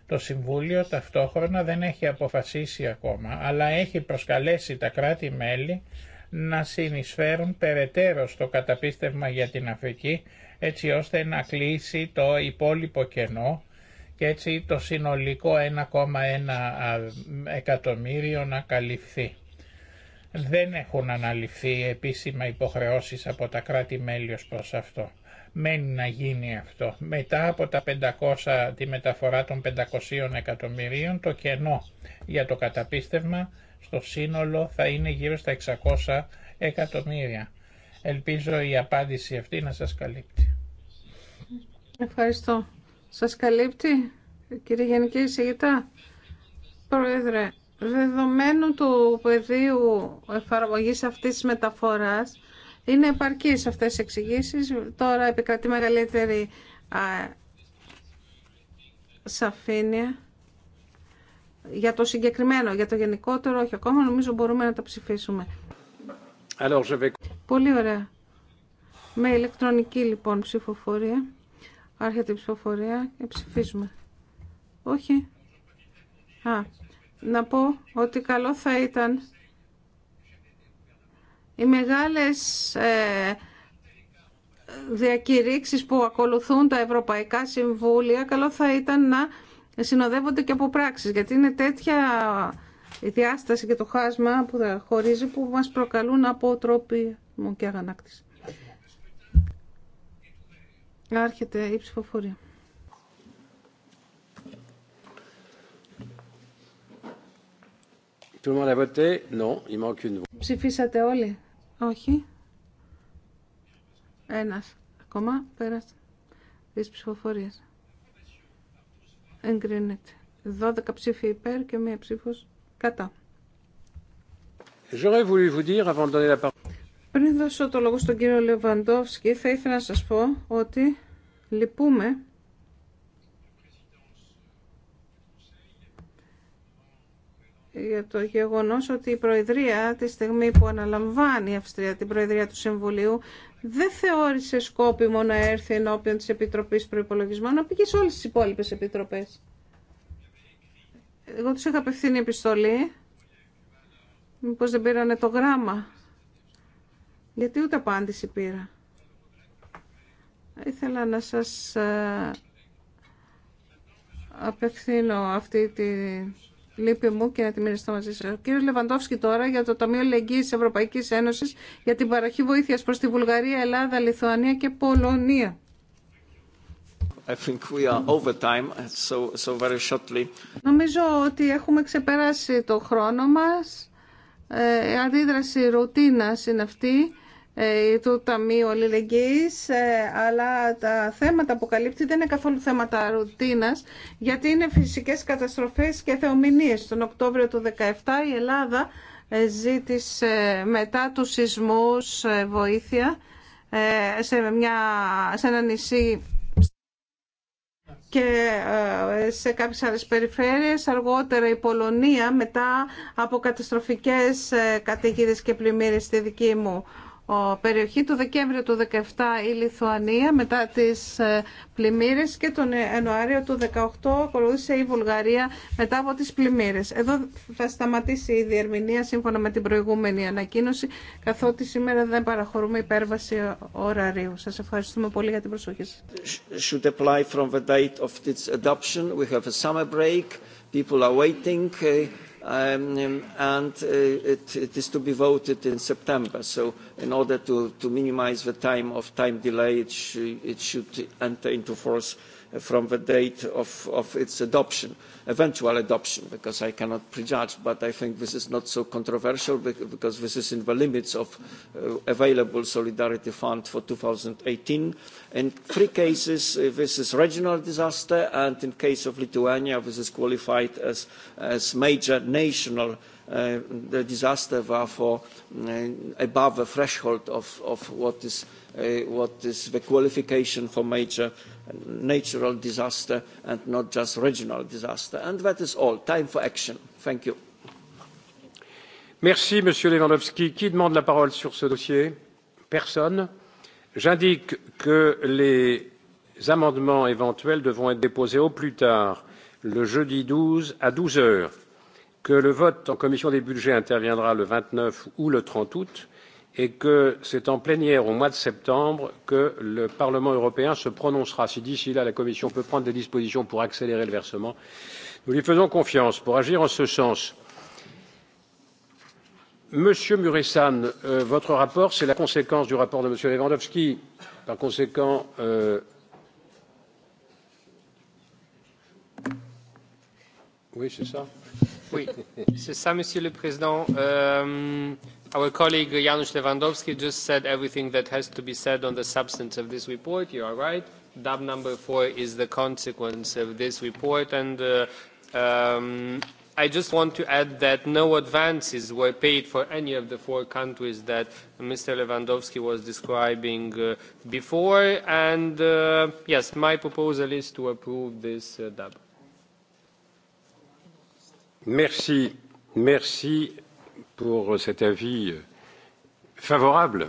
Το Συμβούλιο ταυτόχρονα δεν έχει αποφασίσει ακόμα, αλλά έχει προσκαλέσει τα κράτη-μέλη να συνεισφέρουν περαιτέρω στο καταπίστευμα για την Αφρική, έτσι ώστε να κλείσει το υπόλοιπο κενό και έτσι το συνολικό 1,1 εκατομμύριο να καλυφθεί. Δεν έχουν αναλυφθεί επίσημα υποχρεώσεις από τα κράτη-μέλη ως προς αυτό. Μένει να γίνει αυτό. Μετά από τα 500, τη μεταφορά των 500 εκατομμυρίων, το κενό για το καταπίστευμα στο σύνολο θα είναι γύρω στα 600 εκατομμύρια. Ελπίζω η απάντηση αυτή να σας καλύπτει. Ευχαριστώ. Σας καλύπτει, κύριε Γενική Εισηγητά. Πρόεδρε, δεδομένου του πεδίου εφαρμογής αυτής της μεταφοράς, είναι επαρκής αυτές οι εξηγήσει. Τώρα επικρατεί μεγαλύτερη σαφήνεια για το συγκεκριμένο, για το γενικότερο, όχι ακόμα, νομίζω μπορούμε να τα ψηφίσουμε. Alors, je Πολύ ωραία. Με ηλεκτρονική λοιπόν ψηφοφορία. Άρχεται η ψηφοφορία και ψηφίζουμε. Όχι. Α, να πω ότι καλό θα ήταν οι μεγάλες ε, διακηρύξεις που ακολουθούν τα Ευρωπαϊκά Συμβούλια, καλό θα ήταν να συνοδεύονται και από πράξεις, γιατί είναι τέτοια η διάσταση και το χάσμα που χωρίζει που μας προκαλούν από τρόποι μου και αγανάκτηση. Άρχεται η ψηφοφορία. Tout le monde a il Ψηφίσατε όλοι. Όχι. Ένας. Ακόμα πέρασε. Τις ψηφοφορίες. Εγκρίνεται. 12 ψήφοι υπέρ και μία ψήφος κατά. Πριν δώσω το λόγο στον κύριο Λεβαντόφσκι, θα ήθελα να σας πω ότι λυπούμε για το γεγονός ότι η Προεδρία τη στιγμή που αναλαμβάνει η Αυστρία την Προεδρία του Συμβουλίου δεν θεώρησε σκόπιμο να έρθει ενώπιον της Επιτροπής Προϋπολογισμών να πήγε σε όλες τις υπόλοιπες επιτροπές. Εγώ τους είχα απευθύνει επιστολή μήπως δεν πήρανε το γράμμα γιατί ούτε απάντηση πήρα. Ήθελα να σας ε, απευθύνω αυτή τη λύπη μου και να τη μοιραστώ μαζί σας. Ο κύριος Λεβαντόφσκι τώρα για το Ταμείο Λεγγύης Ευρωπαϊκής Ένωσης για την παραχή βοήθειας προς τη Βουλγαρία, Ελλάδα, Λιθουανία και Πολωνία. Νομίζω ότι έχουμε ξεπεράσει το χρόνο μας. Ε, αντίδραση ρουτίνας είναι αυτή. Ε, του Ταμείου Αλληλεγγύης ε, αλλά τα θέματα που καλύπτει δεν είναι καθόλου θέματα ρουτίνας γιατί είναι φυσικές καταστροφές και θεομηνίες. Τον Οκτώβριο του 2017 η Ελλάδα ε, ζήτησε μετά τους σεισμούς βοήθεια σε, μια, σε ένα νησί και σε κάποιες άλλες περιφέρειες. Αργότερα η Πολωνία μετά από καταστροφικές καταιγίδες και πλημμύρες στη δική μου ο περιοχή του Δεκέμβριο του 17 η Λιθουανία μετά τις ε, πλημμύρες και τον ε, Ιανουάριο του 18 ακολούθησε η Βουλγαρία μετά από τις πλημμύρες. Εδώ θα σταματήσει η διερμηνία σύμφωνα με την προηγούμενη ανακοίνωση καθότι σήμερα δεν παραχωρούμε υπέρβαση ωραρίου. Σας ευχαριστούμε πολύ για την προσοχή σας and it is to be voted in September. So in order to minimise the time of time delay, it should enter into force from the date of its adoption, eventual adoption, because I cannot prejudge, but I think this is not so controversial because this is in the limits of available Solidarity Fund for 2018. In three cases, this is regional disaster, and in case of Lithuania, this is qualified as major national disaster, therefore above the threshold of what is the qualification for major natural disaster and not just regional disaster. And that is all. Time for action. Thank you. Merci, Monsieur Lewandowski. Qui demande la parole sur ce dossier Personne. J'indique que les amendements éventuels devront être déposés au plus tard le jeudi 12 à 12 heures, que le vote en commission des budgets interviendra le 29 ou le 30 août et que c'est en plénière au mois de septembre que le Parlement européen se prononcera. Si d'ici là la Commission peut prendre des dispositions pour accélérer le versement, nous lui faisons confiance pour agir en ce sens. Monsieur Muresan, votre rapport, c'est la conséquence du rapport de Monsieur Lewandowski. Par conséquent, oui, c'est ça. Oui, c'est ça, Monsieur le Président. Our colleague Janusz Lewandowski just said everything that has to be said on the substance of this report. You are right. DAB number four is the consequence of this report. And I just want to add that no advances were paid for any of the four countries that Mr. Lewandowski was describing before. And yes, my proposal is to approve this DAB. Merci pour cet avis favorable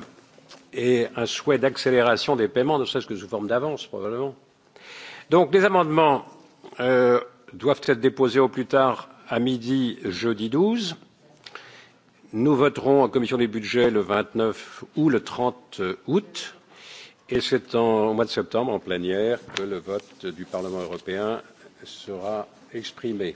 et un souhait d'accélération des paiements, ne serait-ce que sous forme d'avance probablement. Donc les amendements doivent être déposés au plus tard à midi jeudi 12. Nous voterons en commission des budgets le 29 ou le 30 août et c'est au mois de septembre en plénière que le vote du Parlement européen sera exprimé.